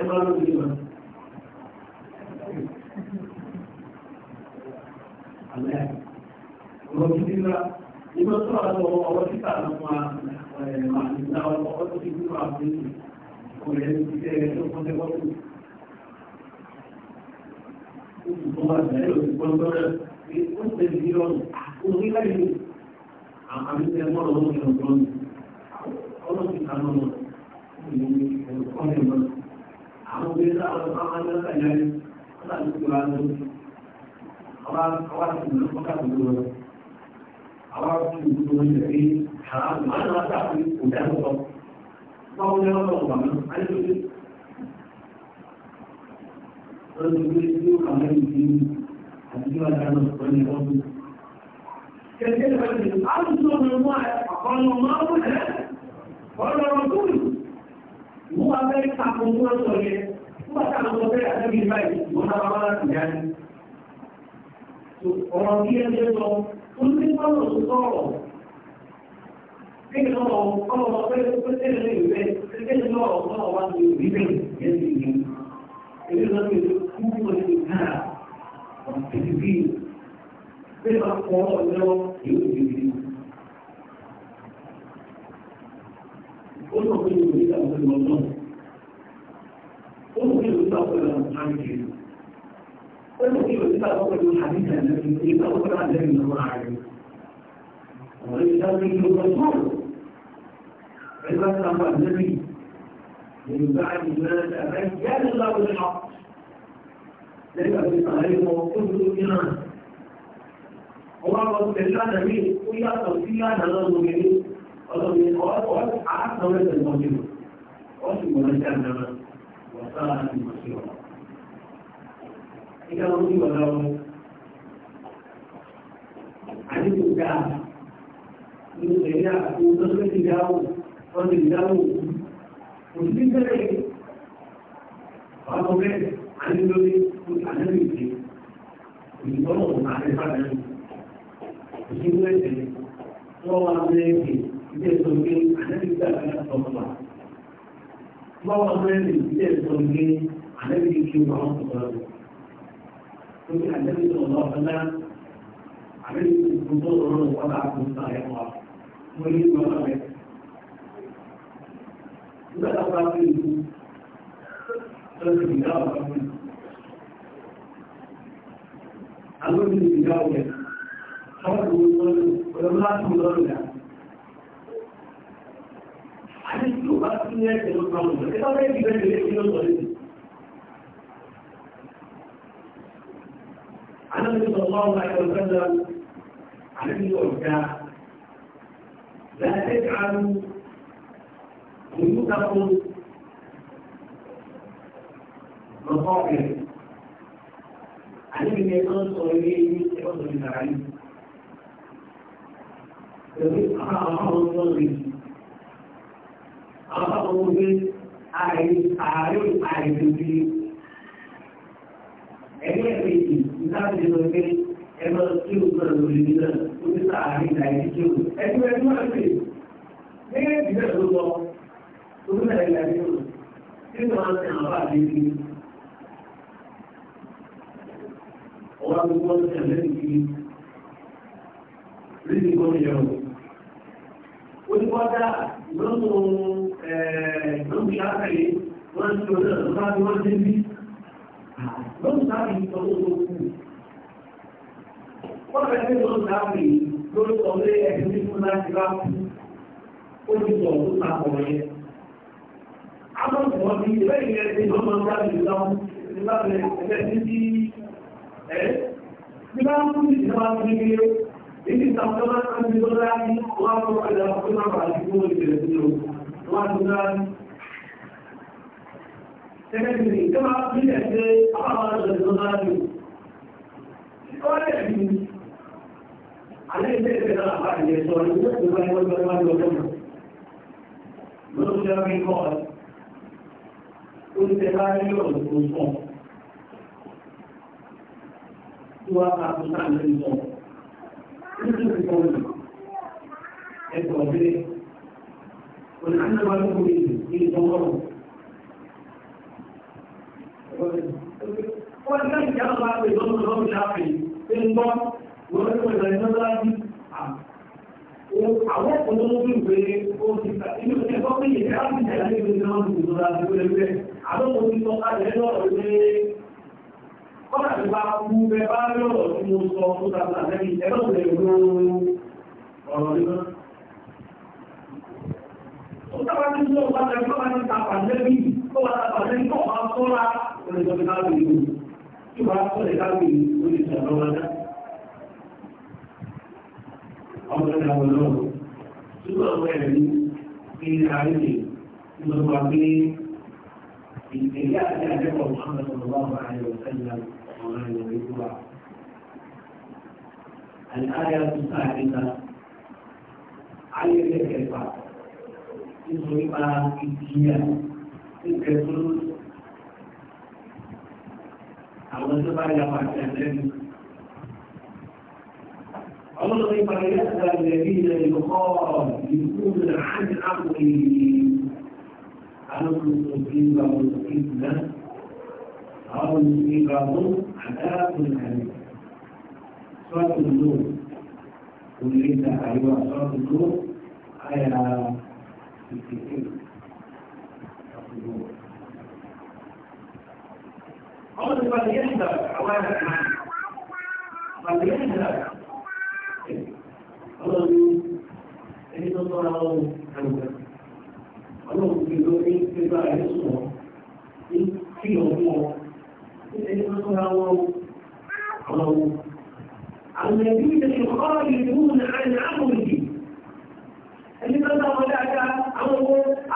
Speaker 1: ọmọ tó àlẹ́ ọ̀rọ̀ títí ńlá nígbà tó wà lọ ọwọ́ títà lọ́pọ̀ máa ní ìlà ọwọ́ tó ti gbúrò àbúrò ọ̀rẹ́ ti tẹ́ ẹ tó kọ́ tẹ́kọ́ tó. Ó ti kọ́ máa bẹ̀rẹ̀ òsì pọ́n tọ́rẹ̀ pé ó ti tẹ̀lé ní ọ̀nà òun nílá ìlú. Àmì tẹ mọ́ lọ́wọ́ ní ọ̀gbọ́n mi. Ọlọ́run ti ta lọ́nà olùkọ́ mi lọ́nà. Àwọn obìnrin láwọn ọmọ aláǹdá yẹn láti gbọ́ àwọn àtìlú pọ́kàtìlú rẹ̀ àwọn àtìlú tó ń tẹ̀lé àwọn àmàlà látàkì òdàlọ́tọ̀ báwo ni wọ́n lọ́wọ́ àmì àìsílẹ̀ lọ́dún tó ń tó àwọn ìdílé àti ìwà ìdáná ọ̀pọ̀ ní ọdún kẹ̀kẹ́ ìfẹ́lẹ̀ àtúntò ọ̀rọ̀ ọ̀rọ̀ bí ẹgbẹ́ lọ tó ní ó tẹ́lẹ̀ ní ìwé, Ó lọ pé ìwé فالمؤمن إذا أخرجوا حديث النبي إذا أخرج عن النبي صلى الله عليه وسلم وليس منه الرسول عبادة الله النبي من بعد ما تبين الله الحق ليس في صحيح وكل إيمان الله سبحانه به ويا توفيقا على المؤمنين ومن وقت عقد ولد المؤمنين واسم ولد النبي وساء المسيرة ìdá wọn ní ọ̀dọ́ ọmọ ní ìṣẹ̀lẹ̀ àti wọ́n wá يمكن أن النبي صلى الله عليه وسلم عملت الجمهور وضع مصطلحات وليد مرامك لا أقرأ منه ثلاثة بلاء أمر من بلاء خرج من ولم لا تمر له عن السوء أصلية الأمر إذا ما يجب أن يكون الغريب عن النبي صلى الله عليه وسلم عن ابن وكاء لا تجعل بيوتكم مصائر عن ابن يقول صغيرين يحصل في العلم أخذوا من أعرف أعرف أعرف به أعرف به láti lọ pé ẹ lọ sí òkúta lórí mi náà ó ti sá àárín ìlà tí ó ẹgbẹ́ ẹgbẹ́ máa pè gẹ́gẹ́ bí bẹ́ẹ̀ lọ òkú náà ìlà ìdí tó tí wọ́n ti hàn bá àdé sí ọwọ́ agbègbè ọdún tẹ̀lé ìdí rí ní gómìnà ní wọ́n dá lọ́nà ẹ̀ẹ́dọ́gbìyàkàlẹ̀ wọ́n ti ọ̀dọ́ ọ̀dọ́ bá wọ́n dé bí lọ́nà sáà wọ́n fẹ́ ní ìlú ìdáàbì lórí ọ̀lẹ́ ẹ̀sìn nínú láti bá ó ti sọ tó ta pọ̀ yẹn. Amọ̀sùn ti ìfẹ́ ìyẹn ti lọ́ máa ń dá ìlú lọ nígbà tí ẹgbẹ́ ti ti ẹ́ nígbà tó ti ti máa ń fi kéré. Èyí ìta ọ̀dọ́ máa ń fi lọ́dá ní wọ́n á tó padà tó máa bà ní kúrò ìbẹ̀rẹ̀ sí o. Wọ́n á tó dá ní. Ẹgbẹ́ ti ní ìjọba nílẹ̀ ṣe àwọn àwọn àjọ̀dẹ̀ lọ́dá ní o. Ìkọ́lẹ̀ ni Wọ́n ní ìjọba ìgbọ́nà lọ́wọ́ ìjáfẹ́ ń gbọ́ wọ́n tó ìlànà iná láti àwọn olóògbé ìwé òṣìṣà inú ẹgbọ́ pé yìí láti ìjẹ̀lá ní ìwé náà ní ìjọba àti ìwé ẹgbẹ́ àwọn olóògbé alẹ́ lọ́rọ̀ ilé kọ́nà ti bá kú bẹ bá lọ́rọ̀ tí mo sọ tó tàbí àtẹ́yìn ẹgbẹ́ òṣèlè ló ọ̀rọ̀ iná ta pàtẹ́bí tó wà ta sọ́ra olùsọ̀tẹ̀ láti ìlú ọmọdé àwọn lọ́wọ́ ṣùgbọ́n ọmọ ẹ̀rí ní àárẹ̀ ìjọba pé ìgbéyà àti àjẹ́kọ̀ọ́ Muhammad sallallahu alaihi wa sallam الآية الثالثة ayẹyẹ ẹ̀fà nítorí pa ìjìyà nígbẹ̀ẹ́ tó àwọn tó bá yà wà sí والله فليأبى الذين يخالفون عن أمره أن تصيبهم فتنة أو يصيبهم عذاب أليم سورة النور قل ليس أيها سورة النور آية 68 قال فليحذر حوالي فليحذر sọ́ra wọn àgbà ọlọ́run ti lọ ní pépà rẹ̀ sùn ní kí ọdún wọn ní ẹni máa sọ́ra wọn ọlọ́run. الذين يخالفون عن عمره اللي ماذا ولاك أمره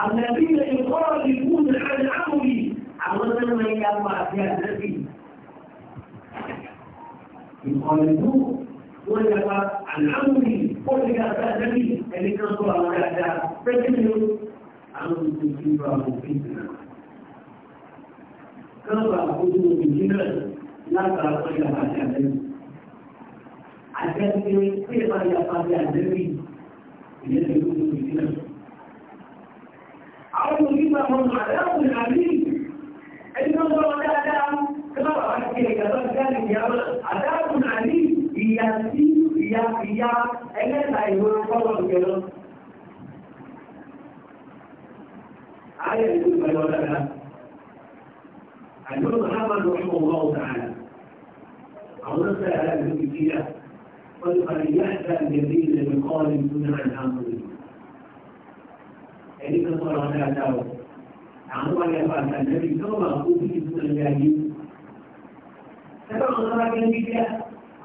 Speaker 1: الذين يخالفون عن عمره أمرنا ما يقع في النبي يخالفون wọ́n yà bá àlámùrì kóòtù yà bá dábì ẹni kan tó àwọn dáadáa pẹ́kí ni ó àwọn òkú tí ó bá òfin náà. kan bá ojú òbí nínú látara wọ́n yà bá dáadáa. Àjẹ́sí pé bá yà bá dáadáa ìyẹn ti lójú òbí náà. Àwọn òbí bá wọn mọ àlámùrì àbí ẹni tó ń bá wọn dáadáa. Kí wọ́n bá wá sí ẹ̀yà bá dáadáa ìyá wọn àdáàbùn àlíì. ìyá tí ìyá ìyá ẹlẹ́ta ìwọ̀n fọ́wọ́ ìjọlọ. Ayé ìlú pẹ̀lú ọ̀dàdà. Àjọ Muhammadu ọ̀ṣun ọ̀wọ́ ọ̀dàdà. Àwọn ọ̀sẹ̀ àrà ìlú ìjìyà. Wọ́n ti parí ìyá ìta ìgbẹ̀bí ilẹ̀ mi kọ́ ní ìdúná ìdáhùn rẹ̀. Ẹni kan sọ̀rọ̀ dáadáa o. Àwọn wáyé pàtàkì lẹ́bi tó máa kó bí ìdúná ìdáyé. Ẹgbẹ́ ọ̀sán bá gẹ́gẹ́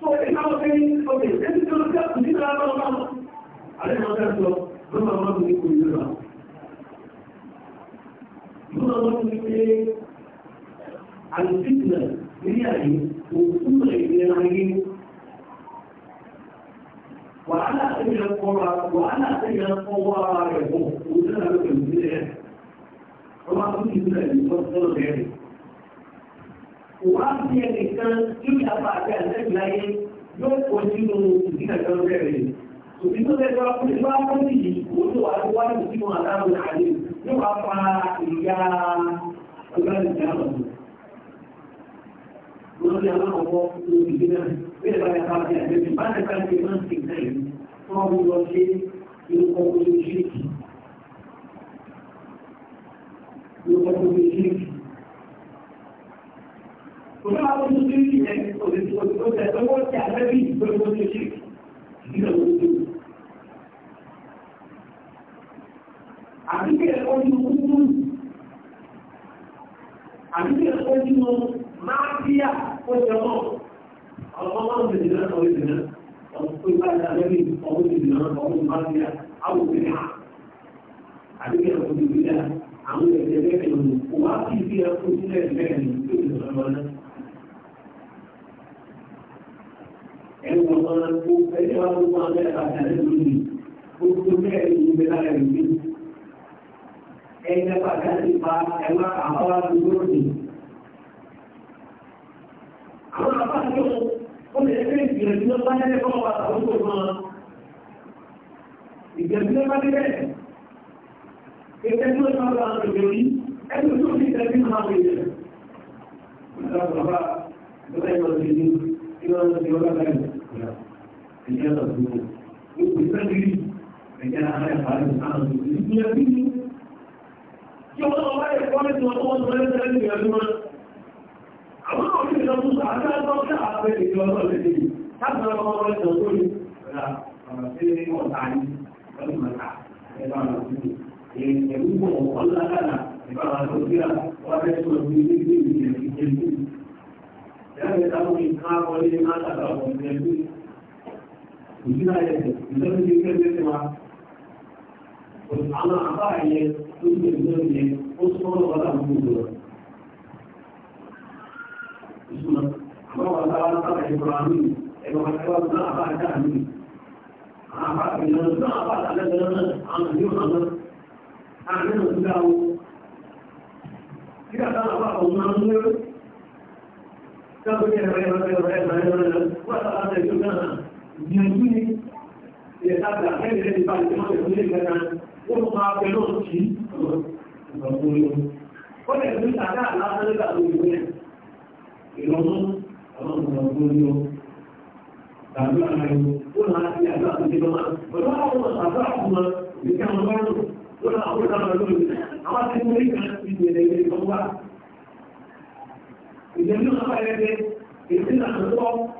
Speaker 1: So they now say, okay, this is going to cut the people out of the mouth. I didn't know that, so no one wants to be cool in the mouth. No one wants to be الفتنة هي وصول إلى العين وعلى سبيل القرى وعلى سبيل القوارب وجدنا لكم بداية وما كنت بداية فصل غيري wà á fi ẹnìkan yóò yà bá àti àtẹ́jú láyé yóò kó sínú ìdíkà tó ń bẹ̀rẹ̀. Òbí o lẹ́gbẹ́ wá o ìgbà tó ní yìí, ó tó wà ló wá ní sínú àtàwọn àlè yóò wá fa ìyá ọgbẹ́ni ìjàmọ̀. Wọ́n ní àwọn ọkọ̀ lórí ìdí náà, bẹ́ẹ̀ bá yà bá àti àtẹ́jú bá ní ká ṣe máa ń ṣe Porque lá quando você diz, né, quando você diz, quando você diz, eu vou te agredir, quando você diz, diga o que Àbí kí ẹ̀kọ́ nínú kúkú, àbí kí ẹ̀kọ́ nínú máa bí à ó jẹ mọ́, ọ̀pọ̀ máa ń bèèrè náà ọ̀rọ̀ ìdènà, ọ̀pọ̀ tó bá ìdá lẹ́bí ọ̀pọ̀ ìdènà ọ̀pọ̀ máa bí à áwọ̀ ìdènà. Àbí kí ẹ̀kọ́ nínú ìdènà àwọn ìdènà ẹgbẹ́ ìdènà kò wá sí ìdí ẹ̀kọ́ sílẹ̀ ìdènà tó ìdènà lọ́nà. ẹ̀rọ ọ̀rọ̀ tó ẹ̀rọ ọ̀rọ̀ máa bẹ̀rẹ̀ àtàrí lónìí gbogbo mẹ́rin ní bẹ́ẹ̀ lára ìlú ẹ̀yẹ pàtàkì máa wẹ̀yẹ̀. Ìjọba 人家的服务，如果这个人家还在法律上的服务，你要必须，有的我也光说多说这个女人吗？俺们老是说不是，俺们都是俺们的，说说这里，他说我们走过去，是吧？呃，这个我打你，我怎么打？没办法，也也如果我混了蛋了，没办法出去了，我还说你你你你你你，然后他们一看我，一看他到我们这里。ìdílé ayé ẹ̀sẹ̀ ìdílé ní ìfẹ́ ní ẹ̀sẹ̀ wa àwọn àbá ayẹ tó ń bẹ̀rẹ̀ ìdílé yẹn ó sún ọ́nà wàhálà ní gbogbo rẹ̀. ìṣúná àbá wa sábà sábà yẹ kọ́ra mí ẹ̀rọ wa sábà náà àbá ajá mí àbá ìlànà náà àbá àtàlẹ́ náà àwọn ìlú àná àmì náà ti dáwó. Kíkà táwọn àbá àwọn ọmọ ń lé Káàkiri ẹ̀rọ ẹ̀rọ ẹ̀rọ ẹ̀rọ ẹ̀rọ ẹ̀rọ wọ́n sábà tẹ̀síọ́ náà ìgbìyànjú ni àwọn ìgbàgbóyún tàbí àwọn àbá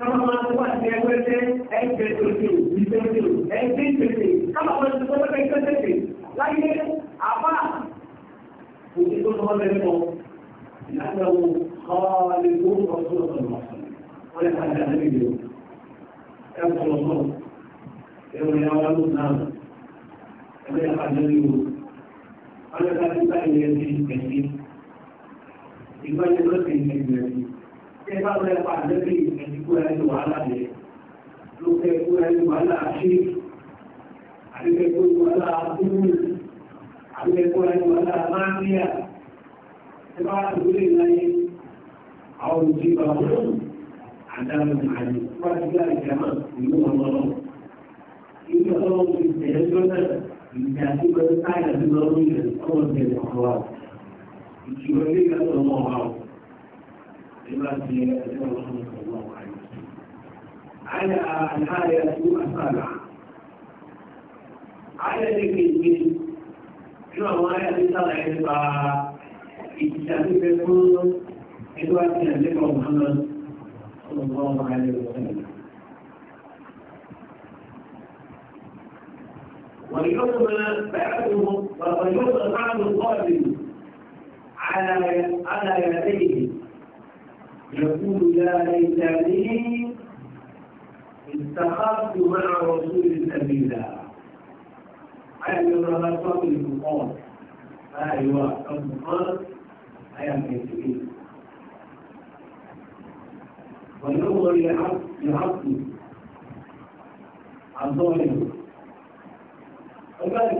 Speaker 1: Kama máa ń wá sí ẹgbẹ́ ṣe ẹgbẹ́ tòṣì ìtòṣì ẹgbẹ́ ìtòṣì kama máa ń sọ pé ẹgbẹ́ tòṣì láyé àbá òṣì tó sọ lẹ́nu mọ́ ìlànà wo ọ̀ọ́lẹ̀ tó ń sọ sọ̀rọ̀ wọ́n lè padà lẹ́nu ìlú ẹ̀ ń sọ̀rọ̀ sọ̀rọ̀ ẹ̀ wọ́n yà wá ìgbàlẹ̀ lọ́sẹ̀ ìgbàlẹ̀ ṣe bá lọ́lẹ̀ pa àdébí ẹni kúrẹ́ ní wàhálà yẹ ló fẹ́ kúrẹ́ ní wàhálà ṣe àdébẹ́ kó ní wàhálà kúrú àdébẹ́ kúrẹ́ ní wàhálà máníà ṣe bá àdúgbò láyé àwọn òjì bá wọn àdámù àyè wá sí láì jàmà ìlú ọmọ náà ìlú ọmọ ti tẹ̀lé lọ́nà ìjà tí wọ́n táyà lọ́rùn ìrìn ọmọ tẹ̀lé ọmọ wa ìjùmọ̀ ilé ìgbà tó ọmọ wa o. على الآية السابعة على ذكر الجن àwọn ayé àti sára ẹgbà ìtìsàtífẹ́ fún ẹgbẹ́ àti àlẹ́kọ̀ọ́ Muhammad ọlọ́gbọ́n ọmọ ayé ọ̀sẹ̀lẹ̀. ويؤمن بعضهم ويؤمن بعض القادم على على يديه يقول لا يا لي اتخذت مع رسول سبيلا أيوة رسول الفقار أيوة الفقار أيوة الفقار وننظر لعبد الظالم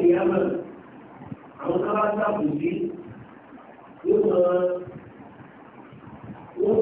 Speaker 1: في أمر عن قراءة عبد يظهر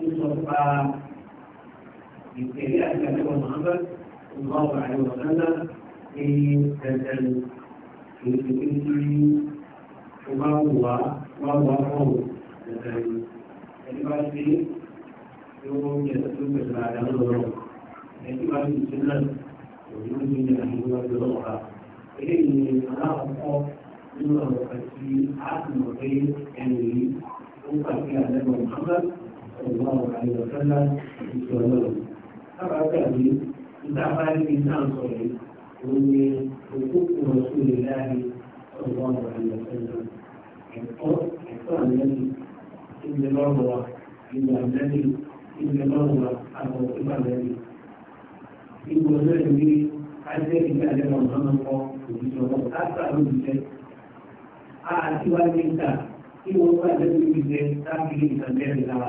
Speaker 1: تصفى بالتريات كتابة محمد صلى الله عليه وسلم في تلك في تلك وما هو وهو هو الذي يبقى في يوم يتسلم بعد الظروف يتبع في السنة ويؤمن أن هو بلغها إليه أنا أخاف من الوقت في عقل وغير أني أوقف في أدب محمد sallallahu ní ìta kí bá àlẹ́lì ìgbẹ́ láti ilé lọ.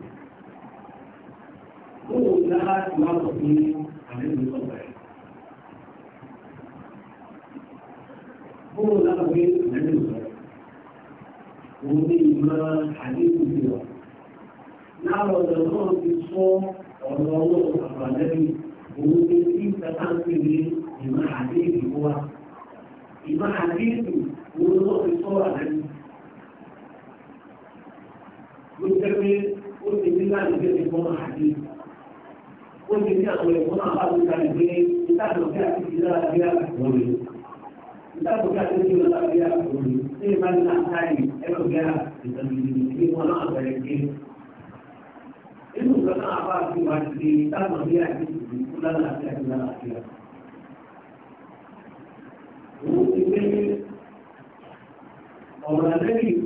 Speaker 1: tó wò lára tí wọ́n sọ fún àlejò sọ̀rọ̀ ẹ̀. Bó o lára pé àlejò sọ̀rọ̀ òun ní ìmọ̀ àlejò ti wà. Lára ọ̀dọ̀ náà ti sọ ọ̀rọ̀ ọlọ́run àbàlẹ́bí òun ti sí ìtàkà ń pè ní ìmọ̀ àlejò wa. Ìmọ̀ àlejò òun náà ti sọ àlejò. Ló jẹ́ pé ó ti ní láti jẹ́ ìmọ̀ àlejò. ó lè àwọn ẹ̀kọ́ náà bá lóka lè gbé ìtàkùn àti ìdílé àti àkùkù rẹ̀ àti ìdílé àti àkùkù rẹ̀ ìbá ní àtàrí ẹ̀kọ́ bí a ìtàkùn ìdílé náà bẹ̀rẹ̀ gbé. inú ìgbà náà bá ti wá sí ìtàkùn bí àti ìdílé àti àkùkù rẹ̀ òun ti gbé ọ̀rọ̀ àlẹ́yìn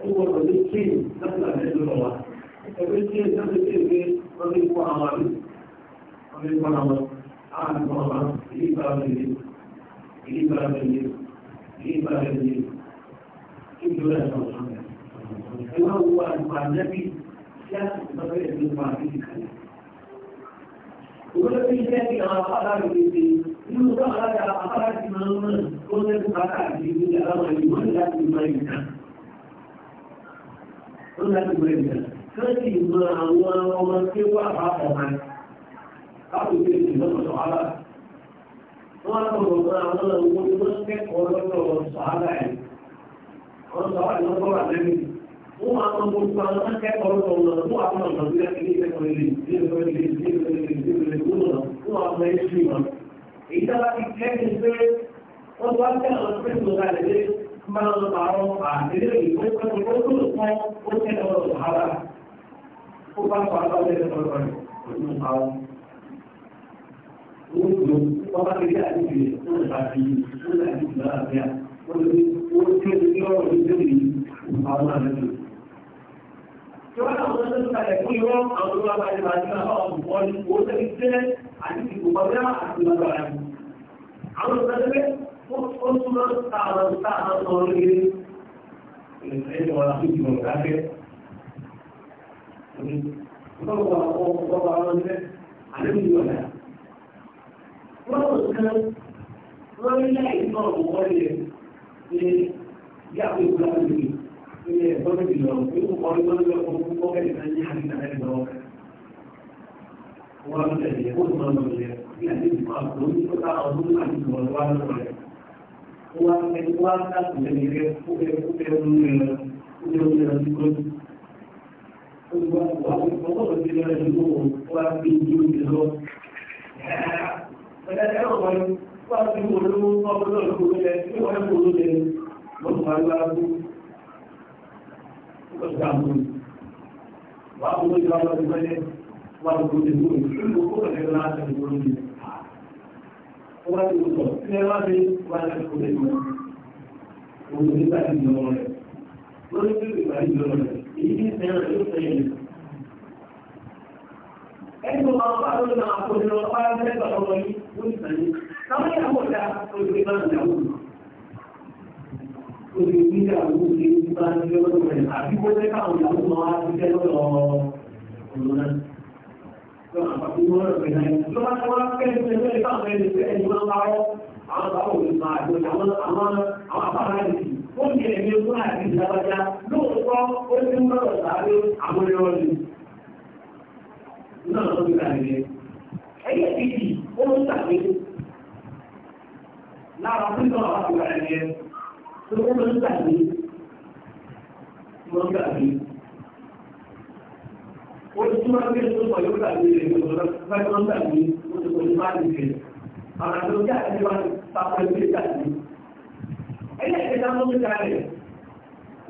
Speaker 1: ó gbọ́dọ̀ ní kí n láti àlẹ́ lọ́wọ́ ẹgbẹ́ kí n திருமணம் ஆன்மோகம் தீபாவளி தீபாவளி தீபாவளி இந்துடன் சொல்றாங்க எல்லாம் உருவாக்கி sebagai ilmuwan ini. Ular bisa di apa lagi? Ini udah ada apa di mana? Kau yang kata di dalam iman dan imannya. Kau yang imannya. Kerja Allah Allah siapa apa orang? káàkiri bí èsì lọ́sọ̀ sọ̀hálà. Wọ́n á lọ́wọ́ fún àwọn ọmọ tó ń kẹ́kọ̀ọ́ lọ́sọ̀ sọ̀hálà ẹ̀. Wọ́n sọ àwọn ọmọ wà lẹ́nu. Wọ́n máa mọ gbogbo àwọn tó ń kẹ́kọ̀ọ́ lọ́sọ̀ lọ́sọ̀ fún àwọn ọmọ tó ń kẹ́kọ̀ọ́ lọ́sọ̀ lọ́sọ̀ máa ń olóògbé ọba kékeré àdúgbò fún ìbàdí fún àdúgbò àlàáfíà wọ́n ti ó ti ń lọ ọdún tó lè àwọn àlejò. tí wọ́n náà wọ́n tẹ́lẹ̀ kalẹ̀ fún irọ́ àwọn tó bá balẹ̀ bàtí máa bá wọn bọ́ ní owó tẹ́lẹ̀ tẹ́lẹ̀ àti ìdìbò bọ́lá àti bàbá rẹ̀. àwọn ìgbàlẹ́gbẹ́ ó tún lọ sáàrọ̀ sáàrọ̀ sọ̀rọ̀ lé ẹ̀ẹ́dẹ̀ wọn àti ìdìbò káfẹ́. Ìgbàlẹ́gbẹ́ lọ́wọ́ kan lórílẹ̀ ìtàn wọlé ní yàgò ìgbàlódé ilé ẹ̀kọ́ níbi lọ nínú ọ̀rọ̀ ìgbàlódé ọkọ̀ fún kọ́kẹ́ ìtàn ní àdínà ẹ̀ lọ́wọ́ wọ́n ń tẹ̀lé ó ti máa ń lọ bí àti ìdìbò àpò ní tó ká ọdún láti lọ wá lọ rẹ̀ wọ́n ń tẹ̀lé wá láti lè rẹ̀ fúkẹ́ fúkẹ́ ń rẹ̀ fúkẹ́ ń rẹ̀ sí kọ́jú. Olùwàwọ̀ àwọn ìfọwọ́sọ̀tì rẹ̀ ló wà bí ojú ìlọ ẹ̀dá ẹ̀rọ wọn wá sí tí ìgbà ìjọba rẹ̀ èyí ní sẹ́yìn rẹ̀ ló sẹ́yìn ẹni tó máa ń bá lórí máa ń sàn ní. Táwọn ìyàwó ọ̀dà olùgbé máa ń dàwó. Olùgbé ìyàwó máa wá sí fẹ́ lọ́dọ̀ ọ̀nà náà. Lọ́wọ́ àpapọ̀ ìwọ́n rẹ̀ pẹ̀lú ẹni tó bá ti wá fẹ́ ẹgbẹ́ ìfáwọn ẹni tó ẹni máa ń bá rọ́ àwọn bàbá òun máa jọ àwọn àbára ìsìn. Ó ń jẹ ẹ̀mí ogún àti ìdábàjá náà lọ́dún ìgbà nìyẹn. ẹyẹ kejì ó ń tàbí lára tí náà wà fún ìgbà nìyẹn tó ó ń tàbí wọ́n tàbí. ó ti túmọ̀ pé ó sọ yóò tàbí rẹ̀ ló lọ fẹ́ tó tàbí ó ti kò ní má ti fẹ̀. àwọn àti ojú àti ìwà pàpọ̀ ìgbé tàbí. ẹyẹ kẹta ló ń tàbí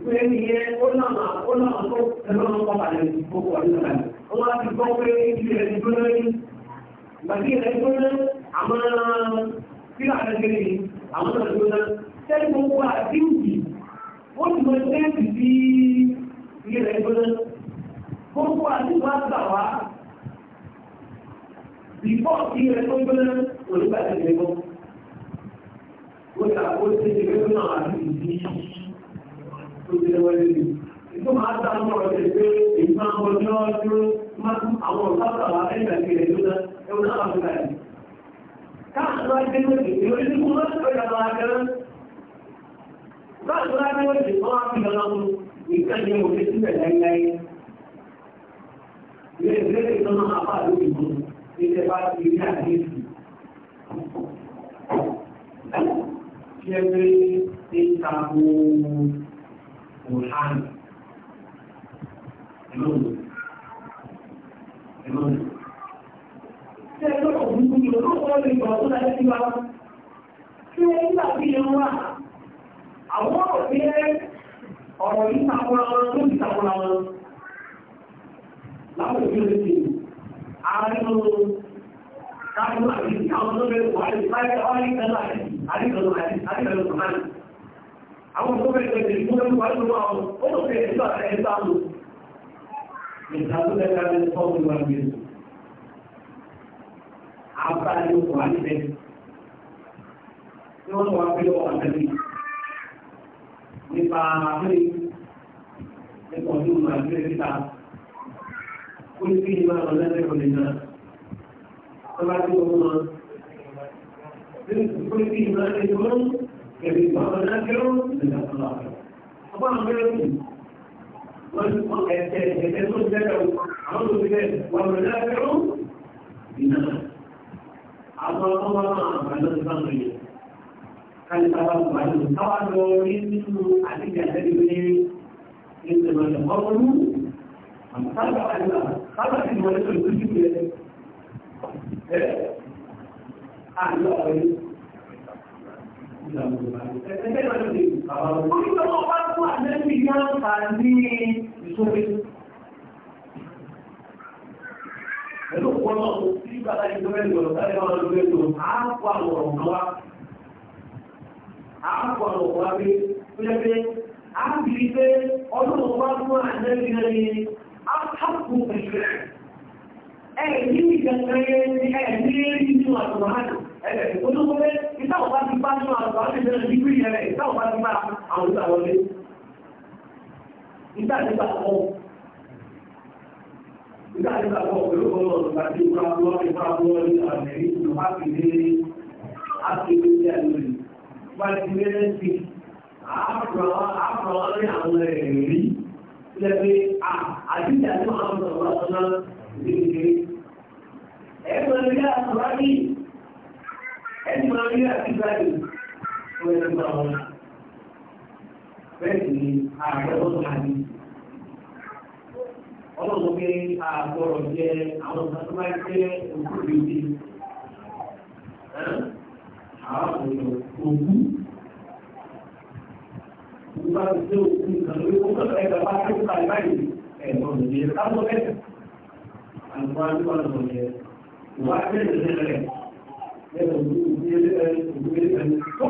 Speaker 1: pé ẹni yẹn ó náà ó náà tó ẹlọ́run kọ́ bàlẹ̀ gbogbo ọdún wọ́n ti gbọ́ pé ilé rẹ̀ gbóná ní gbàgbé rẹ̀ gbóná àwọn sílà rẹ̀ gbé àwọn náà gbóná sẹ́yìn gbogbo àdínkì wọ́n ti mọ sẹ́yìn sí ilé rẹ̀ gbóná gbogbo àdínkù àgbà wá bífọ́ ilé rẹ̀ tó gbóná olùgbà ti rẹ̀ gbọ́. Wọ́n ti àkóso ìgbẹ́ gbóná àdínkì sí tó ti rẹ̀ wọlé ní. Ìgbọ́n máa dá ọmọ rẹ̀ pé ìgbà ọjọ́ dúró máa tún àwọn ọ̀sáàtàwà ẹ̀yà ìrẹ̀ ló náà ẹ̀wọ̀n náà àfíkà ẹ̀. Káàkiri ajé méjì ni ó ní kú máa tún ọ̀yà lọ akẹ́rẹ́. Káàkiri ajé méjì ni wọ́n á fi lọ́nà mú nǹkan ní mo fi sílẹ̀ láíláí. Ilé ìgbélé ìtọ́nà apá lórí mú ilé bá ti lónìí. Ṣé ẹjọ́ kò ní kú ìlú tó wọ́n lè gbà tó láyé sí wa? Ṣé nígbà tí ìyẹn wà? Àwọn ọ̀rọ̀ tí ẹ ọ̀rọ̀ yìí takura wọn tó ti takura wọn. Láwọn òbí lè ṣe àárínú káàkiri àwọn tó bẹ̀rẹ̀ wà ní báyìí ọ̀rọ̀ yìí tẹ́lá àdìgbẹ̀lú àdìgbẹ̀lú kọ̀ọ̀kan. Àwọn tó bẹ̀rẹ̀ tẹ̀lé ìgbóhùn wà àwọn ó lọ sí ẹ̀ṣọ́ àti ẹ̀ṣọ́ ìtàkùn lẹ́ka ní fọ́ọ̀mù wà ní ìlú. Àbá ni ó wà níbẹ̀. Tí wọ́n wá pé ọwọ́ àtẹ̀lé nípa àbúrò nípa ọdún ìlú àbúrò níta. Ó ní kí ni máa lọ lẹ́sẹ̀ kò lè tí wọ́n mọ. Ó ní kí ni máa lè Kẹ̀lé ìgbà ọ̀nà kẹ́rọ̀ nígbà tó lọ. Ọgbọ́n àwọn mẹ́rin ẹ̀ẹ́dẹ́gbẹ̀rún lẹ́gbẹ̀rún àwọn olùgbẹ̀rún wọn lẹ́gbẹ̀rún ìná àwọn ọmọ àgbàlọ́ ìbámu yìí kálítàwà gbàlù táwà lọ rí nínú àdíjà lẹ́gbẹ̀rún ní ìṣẹ̀lẹ̀ ọmọlú àmàtàgbà àgbà sábà sí ìwọlé tó ìtújú rẹ̀ ẹ̀ àgbà ọ̀rẹ́ Pẹ̀lú ọ̀pọ̀lọpọ̀ tí bàbá ìjọba ìjọba sáré máa lórí ètò àápọ̀ àwọn ọ̀rọ̀ wá. Àápọ̀ àwọn ọ̀rọ̀ wá pé ó jẹ́ pé a ń bí i pé ọdún ọ̀pá fún àjẹ́bí rẹ̀ á tápù pẹ̀lú ẹ̀. Ẹ̀ẹ̀dí ìjọba rẹ̀ ní ẹ̀ẹ̀dí nínú àtùmáàdù olóògbé ìtàwọn bá ti bá ní àwọn àwọn ìṣẹ́lẹ̀ ní pínlẹ̀ rẹ̀ ìtàwọn bá ti bá àwọn ìtàwọlé ìtàdígbà kan ìtàdígbà kan pẹ̀lú ọlọ́rọ̀ ìgbà tí ìfúra lọ́wọ́ ìfúra lọ́wọ́ ní àwọn ẹ̀rí ìlú láti lé àkèké sí àlórí bá ti lé sí àfúra ní àwọn ẹ̀rí lẹ́gbẹ́ àdíjà ní àwọn ọ̀rọ̀ ọ̀sán ní ìgbé ẹgbẹ̀rún yá àtúrádìí ẹni máa rí àtìjáde fún ẹni máa wọn bẹ́ẹ̀ ni ààrẹ ọ̀sán àdé ọlọ́run pé àgbọ̀rọ̀ jẹ àwọn ọ̀sán tó máa jẹ́ òkú ìdí àwọn ọ̀sán òkú nígbà tó ṣe òkú nǹkan lórí ó kọ́kọ́ ẹgbẹ́ bá tó kà báyìí ẹ̀gbọ́n mi jẹ́ káwọn bẹ́ẹ̀ àgbọ̀n àdúgbò àgbọ̀n jẹ ìwádìí ẹ̀rẹ̀ Ọlọ́ọ̀bá owó sọ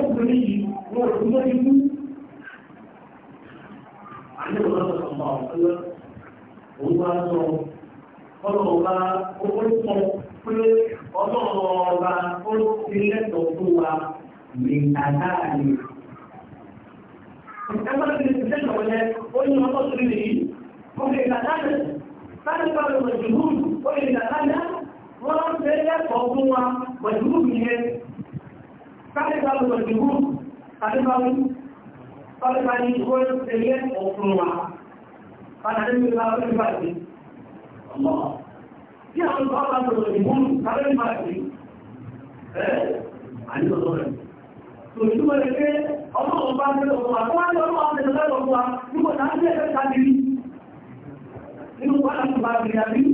Speaker 1: pé ọlọ́ọ̀bá ó ti lẹ́tọ̀ọ́ fún wa ní àdáàlè. Ẹgbẹ́ ti ti lẹ́tọ̀ọ́ yẹ, ó ní ọlọ́sọ̀rọ̀ yìí, ó lè dàdáàlè, wọ́n ń fẹ́ lẹ́kọ̀ọ́ fún wa pẹ̀lú ìyẹn kálíbàlù pẹ̀lú kálíbàlù kálíbàlù ìwọ́n ń fẹ́ lẹ́kọ̀ọ́ fún wa pàtàkì nípa kálíbàlù ọmọ tí àwọn bàbá sọ̀rọ̀ ìwọ́n kálíbàlù ẹ̀ àníkọ̀ọ́ rẹ̀ tòṣùmọ̀ rẹ̀ pé ọmọ ọba ń fẹ́ lọ́wọ́ àwọn ọmọ ọba ń fẹ́ lọ́wọ́ nígbà tá a ń fẹ́ lọ́wọ́ nínú wàhálà tó bá gbìyànjú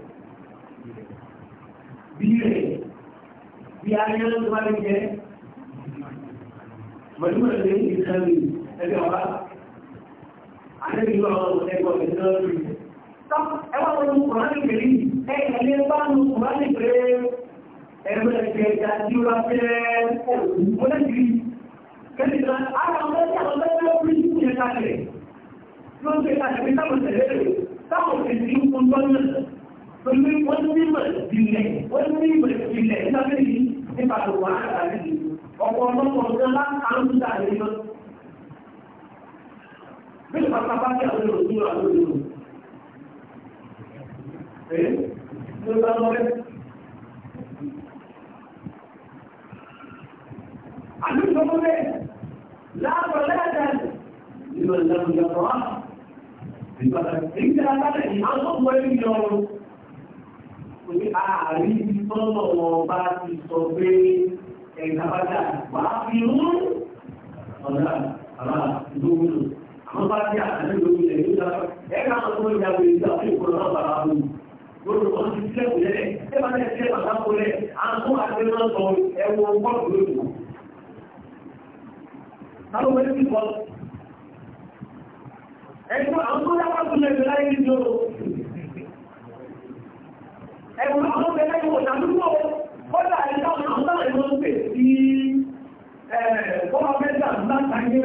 Speaker 1: bire biyayen zuwa da ke majmura da yin isami da gawa a nan yi wa wata ikon da sauri ẹwà wọn kùránì kiri ẹgbẹ̀lẹ́ bá nù kùránì kiri ẹgbẹ̀lẹ́ kẹta tí ó bá fẹ́ ọ̀rọ̀ kiri kẹta ara ọ̀rọ̀ tí àwọn ọ̀rọ̀ tí ó rí kúrẹ̀ káàkiri ló ń gbé káàkiri táwọn tẹ̀lé táwọn tẹ̀lé ń kún tọ́jú pẹ̀lú wọ́n ní mọ̀ ìpìlẹ̀ wọ́n ní mọ̀ ìpìlẹ̀ lábẹ́ yìí nípa tó wà yìí ọ̀pọ̀ ọlọ́pọ̀ ọ̀dọ́ láàárín àárín lọ. bí ìgbà bàbá bí àwọn òṣù rà lórí o. ẹ ló bá lọ rẹ. àbí ìjọba bẹ́ẹ̀ láàbọ̀ lẹ́ẹ̀dẹ́ẹ̀ nínú ìlànà ìjọba wa. Ìgbàlá ìgbàlá ìgbàlá ìgbàlá ìgbàlá pé ààrí ah, tọ́lọ̀ wọn bá ti sọ pé ẹ̀ka bàtà wà á fi mú ọ̀dà àbá ìdókòwò àwọn bá ti àtàlẹ́ lórí ẹ̀ nígbà ẹ̀ka àwọn tó ń ya wèrè ìgbà fún ìkọlọ́ náà bàbá mú lórí wọn ti tilẹ̀ kò lẹ́lẹ̀ ẹ bá lẹ́ tilẹ̀ bàbá kò lẹ́ àwọn àti náà sọ ẹwọ bọ́ọ̀lù lórí wọn. táwọn wọlé ti kọ́ ẹ̀kọ́ àwọn tó yá wá tó lẹ́gbẹ̀ẹ́ láyé níjọ́ ẹ̀wọ̀n àwọn ọmọ ẹgbẹ́ ìwọ̀n ìdàdúgbò kọ́dà ẹ̀dá àwọn ọmọ ẹ̀wọ̀n ń pè sí ọmọ mẹ́ta látàyé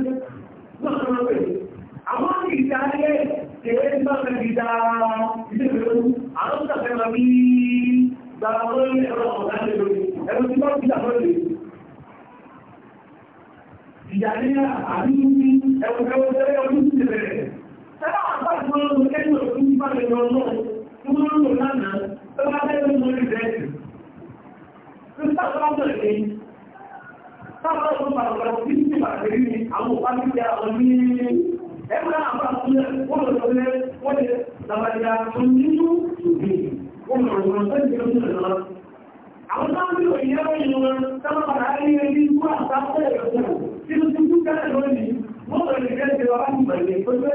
Speaker 1: náà pè àwọn ìdá ayé kéré ń bá fẹ́ di dá ilé ìwé lórí àwọn ìdá fẹ́ máa bí gbàgbà lórí ẹ̀rọ ọ̀gá lè lórí ẹ̀rọ tí wọ́n ti dàgbà lórí ìyá ní àdúgbò ẹ̀wọ̀n ẹ̀wọ̀n tẹ́lẹ̀ ọdún ti bẹ̀rẹ̀ tẹ́lẹ̀ àpá ìfọ́nrún kẹ́yìn òfin bá lè lọ náà tí wọ́n ń lò lánàá tó bá fẹ́ ló mú rírẹ́sì tó sáfọ́mọ̀ rí ni àwọn òpájú ti àwọn ní tí ò yẹ́ ní ikú àtàkùn ẹ̀kọ́ wọ́n lọ ti ọlá ìgbàlẹ̀ tó jẹ́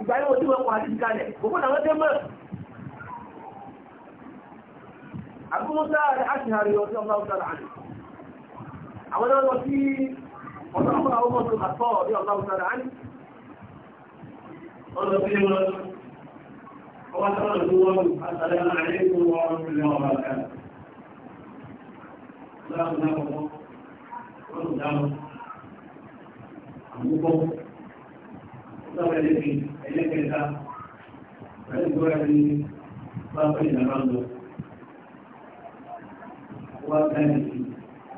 Speaker 1: ìgbà yẹn ojú ẹ̀kọ́ àti ìkàlẹ̀ gbogbo làwọn dé mọ́. àbúrò sáàrẹ̀ àṣìhàrẹ̀ ọ̀sẹ̀ ọ̀gá ọ̀gá àwọn náà lọ sí ọ̀dọ̀ àwọn àwọn ọmọ tó bá tọ́ ọ̀dẹ̀ ọ̀gá ọ̀gá àlè. ọ̀dọ̀ sí wọn ọwọ́ sábà ló wọ́n mú àtàlẹ́ àlẹ́ tó wọ́n mú ilé ọba kan. láàrín náà wọ́n saboda nufi a yi kai ta wani gurari ba kai da rando wa ganaki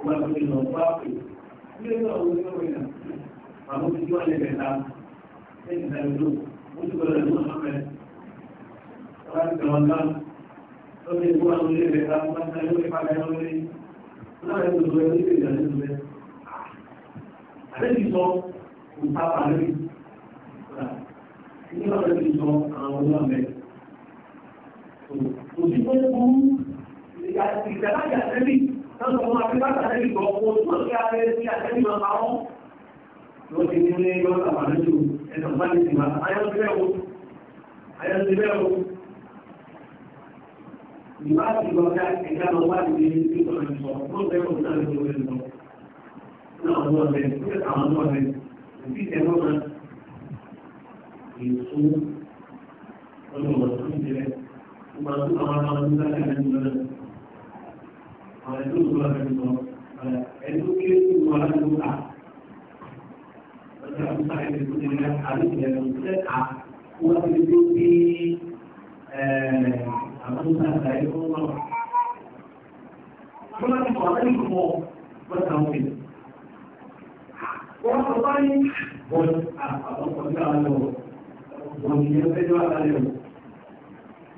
Speaker 1: wa kai da ba kai ne zuwa wani kawai na ba mu fi wani kai ta sai ka sami zo mutu gura da zuwa hamai wani da wannan saboda zuwa wani kai ta wani kai wani kai wani na da zuwa wani kai da zuwa a rikin so ku ta faru ní ọ̀rẹ́ ti sọ àwọn ọlọ́mẹ́ òṣìṣẹ́ fún ìtẹ̀lájà tẹ́lì lọ́nà ọmọ akẹ́kọ̀ọ́ tẹ́lì gbọ́ ohun tó ṣe ààrẹ sí àtẹ́lì máa pa wọ́n lọ́wọ́ ti ní lọ́nà àbájọ́ ẹ̀sọ̀ bá ní ti máa ayọ́sílẹ̀ o ìbá ti lọ ká ẹ̀ka lọ wá ní ilé tó ń sọ fún bẹ́ẹ̀ òun náà ló ń lọ náà ọmọ rẹ̀ àwọn ọmọ rẹ̀ òbí tẹ̀ wọ́n máa èso ọdún ọ̀sán tó ń jẹrẹ ìgbà tó àwọn ọmọ ọdún láti ẹni lọ́dọ̀ àwọn ẹ̀dọ́ òkú láti ẹni lọ ẹ̀dọ́ kéré tó wà láti ó ta ọjọ́ àbúkà ẹni tó ti rẹ àbíkì ẹni tó tẹ́ ta wọ́n ti tó bí àbúkà àtàrí fún wọn. Wọ́n láti kọ̀ ọ́ lẹ́yìn fún ọ wọ́n ta wọ́n fi. Wọ́n sọ báyìí bọ́ọ̀lù àpapọ̀ ọ̀gá òṣìṣẹ́ fẹ́jọ́ àbálẹ̀ o.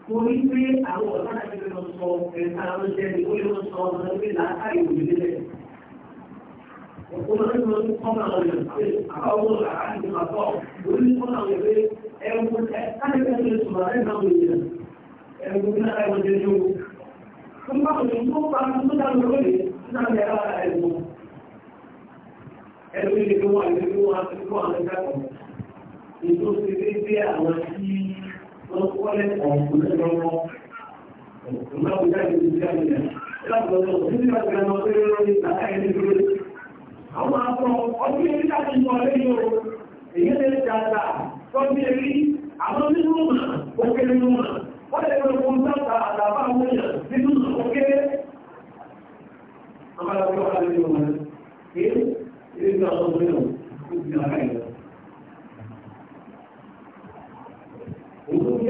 Speaker 1: Torí pé àwọn ọ̀tá àti ìfẹ́ lọ sọ ẹ̀ka àwọn jẹ́ ní ó lè lọ sọ ọmọ ẹgbẹ́ làákàyè òṣìṣẹ́. Ọ̀pọ̀lọpọ̀ ló ń kọ́ àwọn ọ̀yọ̀ pé àwọn àti ìfàkọ́ lórí kọ́ àwọn ìwé ẹ̀wọ̀n ẹ̀káyẹ̀kẹ́ lè sọ̀rọ̀ ẹ̀ka àwọn ènìyàn. Ẹ̀wọ̀n náà ẹ̀wọ̀n jẹ́ ní owó. Fún bá òṣèlú tó pa tó dáná lórí láti ẹ̀rọ ẹ̀wọ̀n. Ẹ̀rọ ìdíwọ̀n ìdíwọ̀n àti ìdíwọ̀n àti ìdíwọ̀n ètò ṣe déédéé àwọn tí wọ́n kọ́ lẹ́kọ̀ọ́ ọ̀gbọ̀n lọ́wọ́ ọ̀gbọ̀n láwùjọ jáde ní jáde náà. Láàbọ̀ ọ̀gbọ̀n tí wọ́n ti lọ pé lórí ìgbàlá ẹni dúró. Àwọn akọ ọdún yẹn nígbà tí wọ́n lé yóò èyí lè dàgbà tọ́jú erí àwọn nínú mọ̀ òkèlè mọ̀ wọ́n lè lọ fún sábà àtàbà àwọn èèyàn nínú òkèlè. Àwọn akọ ọdún yẹn wọ́n lè lọ sí ìgbà ọdún yẹn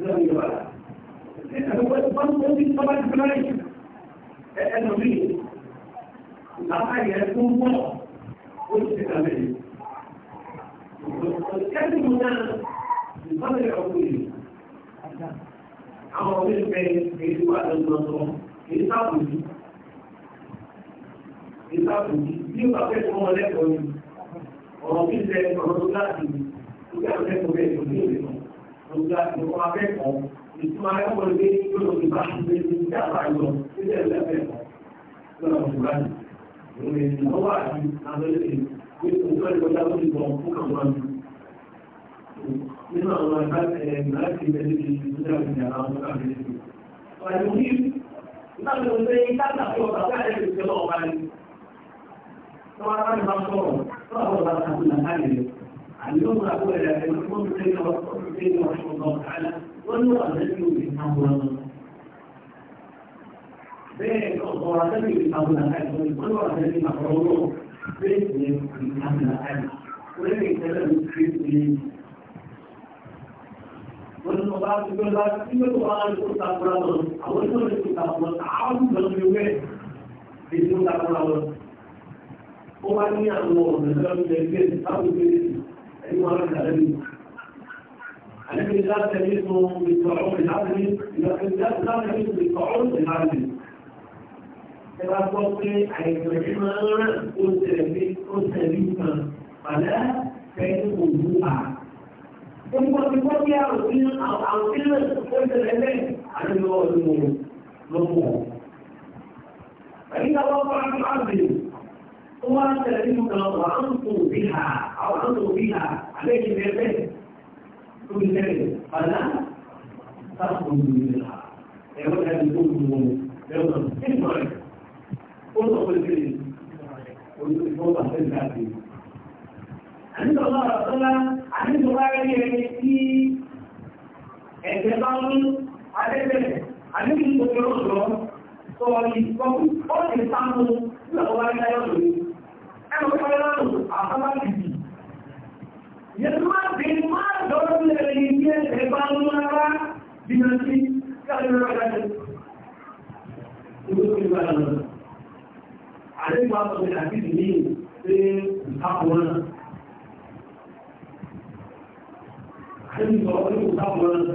Speaker 1: lórí wa. Wọ́n tó ti tọ́ bá ti fẹ́rẹ́ yìí. Ẹnu mi, bàbá yẹn tó ń bọ̀, ó ti ṣe kàmẹ́ yìí. Kẹ́sì mú náà, ìfọ́nà yẹn kọ̀ yìí. Àwọn ọmọ ìfẹ́ èyí wà lọ́sọ̀ọ̀sọ̀, èyí sábò yìí. Èyí sábò yìí, bí ó bá fẹ́ fún ọ lẹ́kọ̀ọ́ yìí, ọ̀rọ̀ mi fẹ́ ọ̀rọ̀ tó láti yìí, ó kẹ́ ọ̀rọ̀ lẹ́kọ̀ọ́ bẹ́ẹ̀ tó ní òwe náà lòdà ìwọ̀n abẹ́kọ̀ọ́ ìtumọ̀ ẹ̀kọ́ lè lọ sí bá ṣe ní ìjàmbá ìlọ sílẹ̀ lẹ́fẹ̀ẹ́kọ̀ọ́ lọ́nà òṣùlá yìí ìrìn ìnáwó àti abẹ́lẹ̀ pé kò fẹ́ lọ́jà ó ti bọ̀ fún àwọn àmì nínú àwọn ẹ̀ka ẹ̀mí láti ìbẹ̀lẹ̀ ti ṣe ìjọba ìjà àwọn àbẹ̀lẹ̀ ti. Ọ̀rẹ́ mi láti lọ sí ìtàkà tó ọ̀tà láti ẹ̀sìn ìjọba ọ̀bá ni. Tọ́wọ́ اليوم أقول لك الحكم سيد وحكم سيد رحمه الله تعالى والنور الذي بالأمر بين الضوء الذي بالأمر والنور الذي محرومه بين بالأمر ولم يتلم في والنور يقول لك إن القرآن يقول تقرأه أو النور يقول تقرأه تعاون بالغيوب يقول تقرأه هو أن يأمر بالغيوب أيها الأدبي النبي لا تميزه بالطاعون العدمي لكن لا تميزه بالطاعون العدمي إذا قلت أيهما قلت قلت بما فلا كان موضوعا ثم تقول يا رسول عن كلمة قلت العلم عن الله الموضوع فإذا وقع في العدل وأنت لديك وأنتم بها أو أنتم بها عليك بيدك كل شيء فلا تخرج منها يقول هذه الأم يقول انظر انظر في الكلمة ويقول في الكلمة عند الله تعالى عند الله يأتي اعتبار عدد عدد المتوسط صار يقوم أو يستعمل لأولا يرضي ẹnu kọ́lá àtàbàlìbì yẹ̀dùmá bí má dọ́rọ̀ lẹ́rẹ̀ ní ẹgbà ńlára bí na sí káàkiri ọ̀gájẹ́ ìgbésí ìgbà náà àdébà sọ̀rọ̀ àti ìdílé pé ìtàkùn náà àdébà sọ̀rọ̀ àti ìtàkùn náà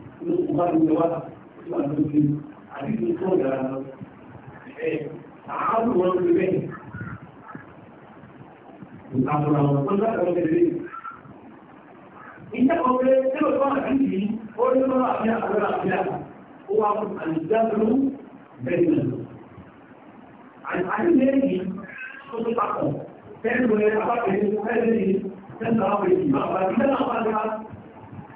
Speaker 1: ló kò bá lè wá tó wà lókè àbí tó tó ọ̀dà lọ. Àádùn wọn lè bẹ́ẹ̀. Ìtàkùn àwọn tó dákọ̀ lẹ́lẹ́. Iṣẹ́ kan pé tí ó tó àbí yìí, ó ní lọ́wọ́ àbí àbúrò àbí àbá. Ó wá fún àìsíjáfẹ́rú bẹ́ẹ̀ lọ. Àìsíjáfẹ́rú yìí tó tó papọ̀. Fẹ́ẹ́ lóye abákẹ́yẹ fẹ́ẹ́ lóye fẹ́ẹ́ lọ́wọ́ ìgbà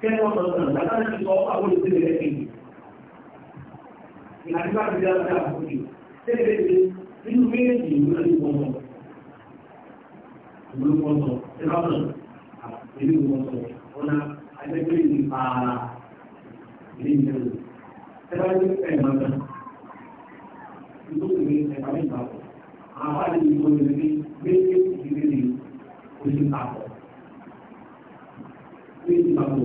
Speaker 1: kẹ́kọ̀ọ́ sọ̀rọ̀ látàrí sọ àwọn olùdílé rẹ̀ kí ìlànà ti dára dára àkókò tẹ́lẹ̀ nínú méjì ìwúlò ní pọ̀npọ̀ ìwúlò pọ̀npọ̀ tẹ́lọ̀nà ìlú pọ̀npọ̀ ọ̀nà àjẹpẹ́ ní pààrà ilé ìjẹun tẹ́lẹ̀ ní ẹ̀mọ́ náà ìlú ní ẹ̀ka ní ìpapọ̀ àwọn àpáàdé ìlú ní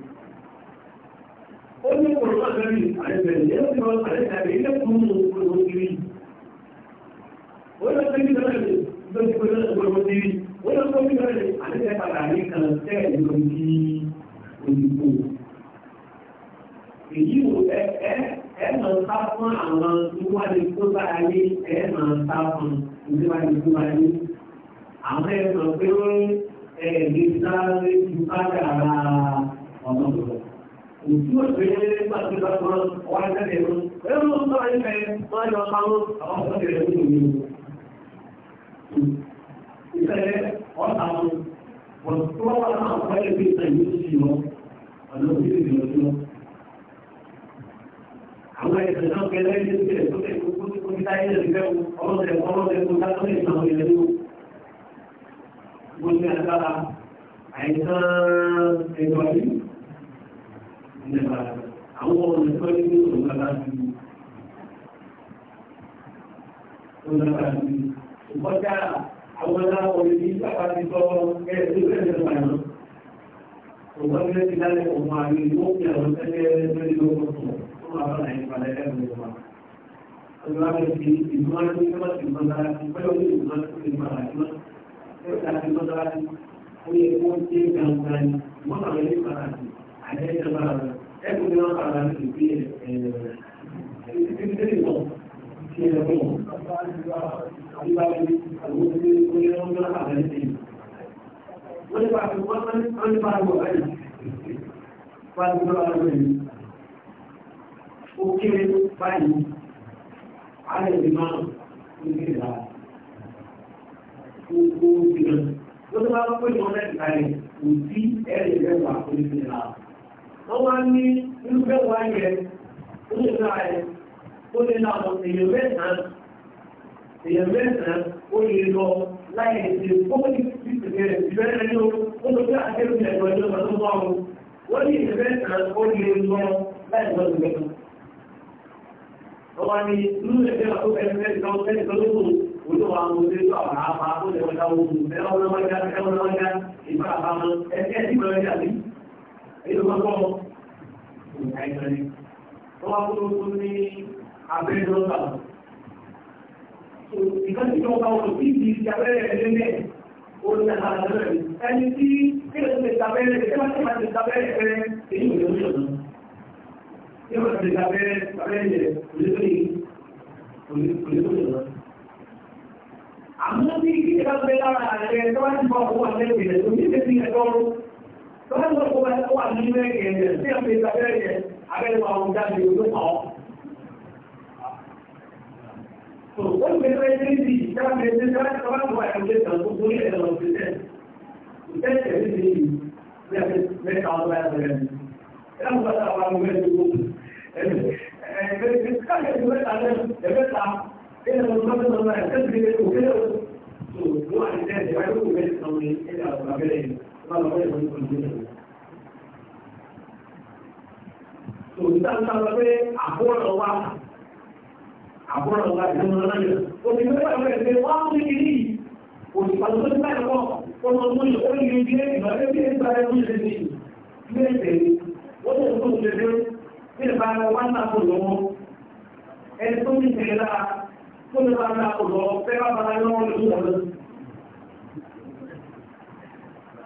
Speaker 1: ó ní ìpòròpá lórí àìbẹ̀rẹ̀ yẹ́ tí wọ́n àìbẹ̀rẹ̀ ilé fún òkúrò kiri ó lọ sí ní lọ́rẹ̀ lórí pẹ̀lú òkúrò kiri ó lọ sí ní lọ́rẹ̀ àìbẹ̀rẹ̀ padà ní kan tẹ́ ìlú kí olùkó èyí wò ẹ ẹ ẹ máa sá fún àwọn ìwádìí tó bá ayé ẹ máa sá fún ìwádìí tó bá ayé àwọn ẹ sọ pé ó ẹ lè sáré ju ká dára ọmọ tó lọ òtún òṣèré pàtó lọ́pọ̀ ọwọ́ ẹgbẹ́ ẹ̀rọ ẹ̀rọ ń sọ ẹgbẹ́ wọ́n yọ sáwọn àwọn ọ̀sẹ̀ rẹ̀ ní òní ìfẹ́ ọ̀sàwọn wọ́n tó wà náà wọ́n yẹ bí ìtàn yìí sí lọ ọ̀nà òṣèré bí lọ sí lọ. àwọn ẹ̀sẹ̀ náà kẹlẹ́ ní ìṣẹ̀lẹ̀ tó kẹ́ kó kó kí táyé lè fẹ́ ọlọ́sẹ̀ ọlọ́sẹ̀ tó dákọ́ lè sàn ilẹ̀ ní gbogbo àgbára àìsàn ẹ̀dọ̀ yìí nípa àwọn olùkọ́ nínú òǹkàtà sí òǹkàtà sí ìkọjá àwọn aláwọ̀ ní sábà ti sọ ẹ̀ẹ́dì lẹ́sẹ̀ pàdán òǹkàtà sí ti àdéhùn máa rẹ̀ ẹ̀kùn ní wọ́n kàrà ní ìpí ẹ̀rọ tí ẹ̀rọ mọ̀ àbíbáwí àwọn olóṣèlú tó yẹ wọ́n kàrà ní ìpí. wọ́n ní bá wọ́n ní bá wọ̀ báyìí wọ́n ní bá wọ̀ báyìí ó kéré báyìí á lè rí máa ń ní ìlà gbogbo ìgbìyànjú ló tó bá wọ́n pè ní ọ̀rẹ́ ìkàlẹ̀ kò sí ẹ̀rẹ̀ rẹ̀ wà oníṣẹ́ náà wọ́n ní irúfẹ́ wá yẹ ó lè ra ẹ̀ ó lè ra àwọn èèyàn mẹ́sàn-án èèyàn mẹ́sàn-án ó lè lọ láì ṣe fóònù ìṣẹ̀lẹ̀ ìbẹ̀rẹ̀ ní o ó lọ sí ìjọba tó bá wọn wọ́n ní èèyàn mẹ́sàn-án ó lè lọ láì lọ sí mẹ́sàn-án. ọba ni inú ẹgbẹ́ wa tó fẹ́ẹ́ fẹ́ẹ́ kan fẹ́ẹ́ kan lóko olú wa mo ṣe tó àwọn àbá tó lè wọ́n dáwọ́ òkú ẹ̀rọ ọ̀nà wájà ẹ̀rọ ọ̀nà wájà ìbára èyí tí kí ti ti tí kí ló ti tabẹ́rẹ́ rẹ̀ kí wọ́n ti máa ti tabẹ́rẹ́ rẹ̀ èyí ò lórí ọ̀nà kí wọ́n ti tabẹ́rẹ́ tabẹ́rẹ́ rẹ̀ lórí ọ̀nà àmọ́ bí kí ìjọba Tọ́lá ló kó bá wà ní ilé ìrìnlẹ̀ tí a fi ìgbàgbẹ́ yẹ abẹ́rẹ́ àwọn jáde olú pa ọ́. Ó ń bẹ̀rẹ̀ ẹgbẹ́ ìdí ìjára mi ẹgbẹ́ ìjára tọ́lá ló wà ẹgbẹ́ ìtàn tó tó yẹ lọ sí tẹ̀. Ìtẹ́sẹ̀ ní ti yìí ní a fi mẹ́ta ọdún láyé bẹ̀rẹ̀ mi. Ẹ lọ́wọ́ bá tàbí àwọn ẹgbẹ́ ìdókòwò. Ẹgbẹ́ ìkáyọ̀ ìgbẹ́ ta ẹgbẹ́ ta ẹgbẹ́ ta ẹgbẹ́ ta ẹgbẹ́ ta ẹgbẹ́ Àbúrò wa ìlú Nàìjíríà. Òṣìṣẹ́ ìgbàlẹ̀ ìgbẹ́ wá ń rí kiri. Òṣìṣẹ́ tó ń bá ẹ̀kọ́, ọmọ ọmọ ìlú ó yìí jẹ́ ìgbàlẹ̀ bí ẹ̀ta ẹ̀kú ṣe ní ilé ìtẹ̀. Wọ́n tó ń tó ṣe dé, bí ẹ̀bá wá ń tàkùn lọ́wọ́. Ẹni tó ń tẹ̀lé lára, tó ń bá ń tàkùn lọ́wọ́, fẹ́ bá bá lọ́wọ́ lójú ọ̀dọ́.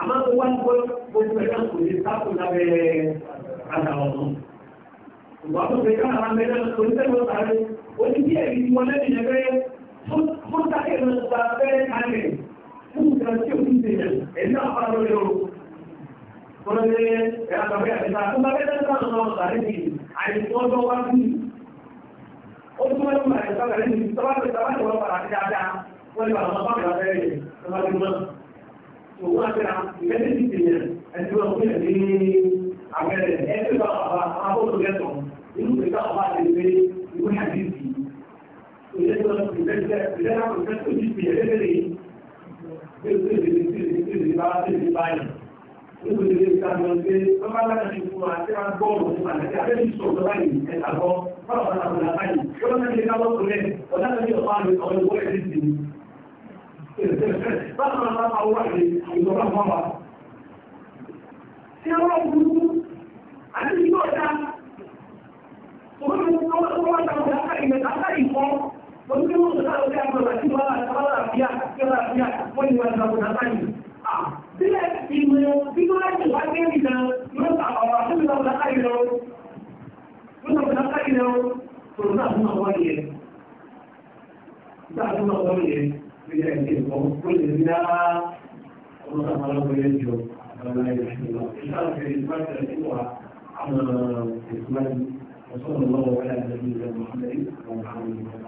Speaker 1: àmọ́ tó wá ní gbogbo ẹ̀dá kò ní sáàpù lábẹ́ àgbà ọ̀nà ìgbà tó fẹ́ ká ara mẹ́rin kò ní sẹ́yìn ọ̀tà rẹ̀ ó ní bí ẹ̀rí wọn lẹ́yìn yẹn fẹ́ fún sákẹ́ lọ gba fẹ́rẹ́ kalẹ̀ fún ìgbà tí ó ń ṣèyàn ẹ̀rí náà fara lórí o. Kọ́lọ́ ní ẹ̀rọ àgbàgbé àtẹ̀sà tó bá fẹ́ẹ́ sẹ́yìn ọ̀tà ọ̀tà rẹ̀ ní àìsàn ọjọ́ wá sí. Ó tún wọ́n lọ́wọ́ àìsàn rẹ̀ ní òun àgbẹ̀rẹ̀ ìfẹ́lẹ́ ti tèèyàn ẹni wọ́n fún ẹ̀ ní àgbẹ̀rẹ̀ ẹgbẹ́ bá bàbá abọ́tò lẹ́tọ̀ inú pé bá bàbá lè gbé ìwé àdìsí ìlẹ́tọ̀ ìfẹ́lẹ́ ìfẹ́lẹ́ ìfẹ́lẹ́ Olùdíje ìtàgbọ̀n pé ọba láti fún àti agbọ́ọ̀rùn fún àti abẹ́lì sọ̀rọ̀ báyìí ẹ̀tàgbọ́, fọ́nà ọ̀nà àbúrà báyìí, ọlọ́mọdé lábọ́ kò Bákan náà máa wà ní ìjọba mọ́wàá. Ṣé wọ́n burúkú àti ìjọ ọ̀dá? Òun ni wọ́n tó wá sáwọn ọ̀dá ìmẹ̀ta láì fọ́. Wọ́n tí wọ́n sọ̀rọ̀ ọ̀dá àgbàlá tí wọ́n lára àbíyá, tí wọ́n lára àbíyá, wọ́n ni wọ́n sáwọn ọ̀dá láì. Bílẹ̀ ìmọ̀ bí tó láti wá dé nìkan, yóò ta ọ̀rọ̀ àti ìjọba ọ̀dá láì lọ. Yóò ta ọ̀dá láì lọ. Kòrónà fún àwọn ọ̀dá yẹn. Ìgbà àdúrà ọ̀dọ́ yẹn. إلى أن كل بناء وصف له ينجو فلا يحمل الله إشارة في إثبات الأسوة على إثمان وصلى الله على نبينا محمد وعلى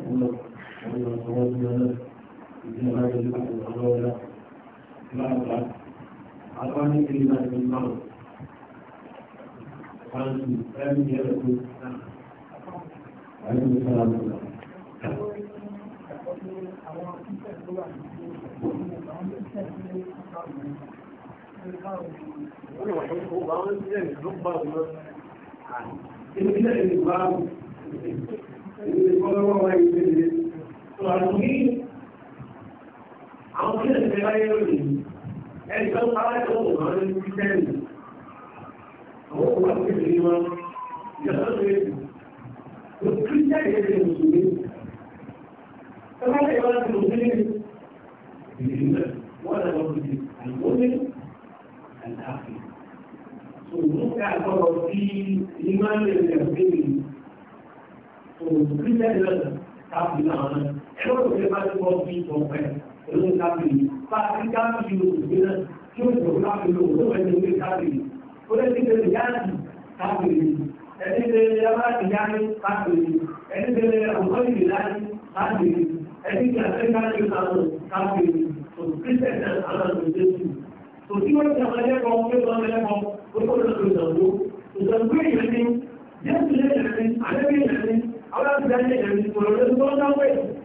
Speaker 1: آله وسلم بسم Ilé ìgbàlù, ìgbàlù wọ́n wáyé ìgbèlè, tó àrùn ní àwọn tí lè fẹ́ láyé lónìí ẹni tó ń pará tó wò lọ́rọ́ ní kíkẹ́rì àwọn òkú àti kékeré wọn ìjọba tó lè lò kírísítẹ́nì lè lè mùsùlùmí ẹgbẹ́ lè wá sí mùsùlùmí ìdílé wọ́n lè wọ́n fi àìmọ́lé àìdáfẹ́ òun ká àgbọ̀rọ̀ sí ìmọ̀lẹ̀ rẹ̀ bẹ́ẹ̀ òun kírísítẹ́nì lọ́dọ̀ tábìlì àwọn ẹgbẹ́ òun lè òun kábìlì bá a ti kábìlì òkùnkùn náà tí ó sọ̀rọ̀ kábìlì òun ẹni òun kábìlì ó lè ti tẹ̀lé yáàtì kábìlì ẹni tẹ̀lé yáàtì yáàtì kábìlì ẹni tẹ̀lé ọ̀gọ́dì láti kábìlì ẹni tẹ̀lé kábìlì àwọn kábìlì òkúrẹ́sẹ̀ náà àwọn òṣèlú òtí wọ́n ti àwọn ẹlẹ́kọ̀ọ́ pé wọ́n ẹlẹ́kọ̀ọ́ ó tó lọ́sọ̀ ìdàgbò ìdàgbò èèyàn ni jésù lè rẹ̀ ni àlẹ́bí rẹ̀ ni àwọn àti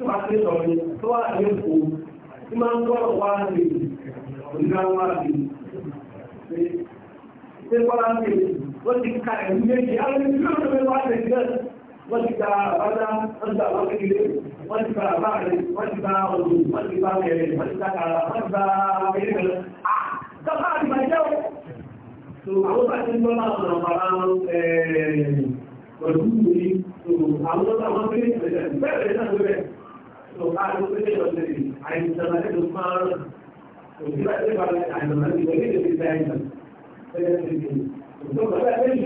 Speaker 1: tí wàá ṣe sọ̀rọ̀ ni tó wà ní èkó tí máa ń gbọ́rọ̀ wá lè onígbàwọ́ wá lè ṣe kọ́lá ń pè wọ́n ti ka ẹ̀mí méjì àwọn ẹni tí ó ṣe wá lè jẹ́ wọ́n ti ka àbádá wọ́n ti ka àwọn kékeré wọ́n ti ka àbáàrẹ wọ́n ti ka ọ̀dùn wọ́n ti ka ẹ̀rẹ̀ wọ́n ti ka kàrà wọ́n ti ka ẹ̀rẹ̀ lọ. Dọ́kà àti bàjẹ́ o. So àwọn bá ti ń gbọ́ láwọn ọ̀nà bàbá eh, So I was thinking of the I decided to farm. So if I say about it, I don't know. It's a little bit random. So that's the thing. So what I say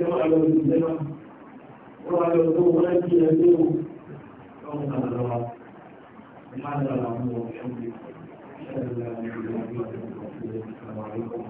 Speaker 1: is 后来就跟我那姐就沟通上了吧，你看那个什么，兄弟，现在那个什么，就是什么。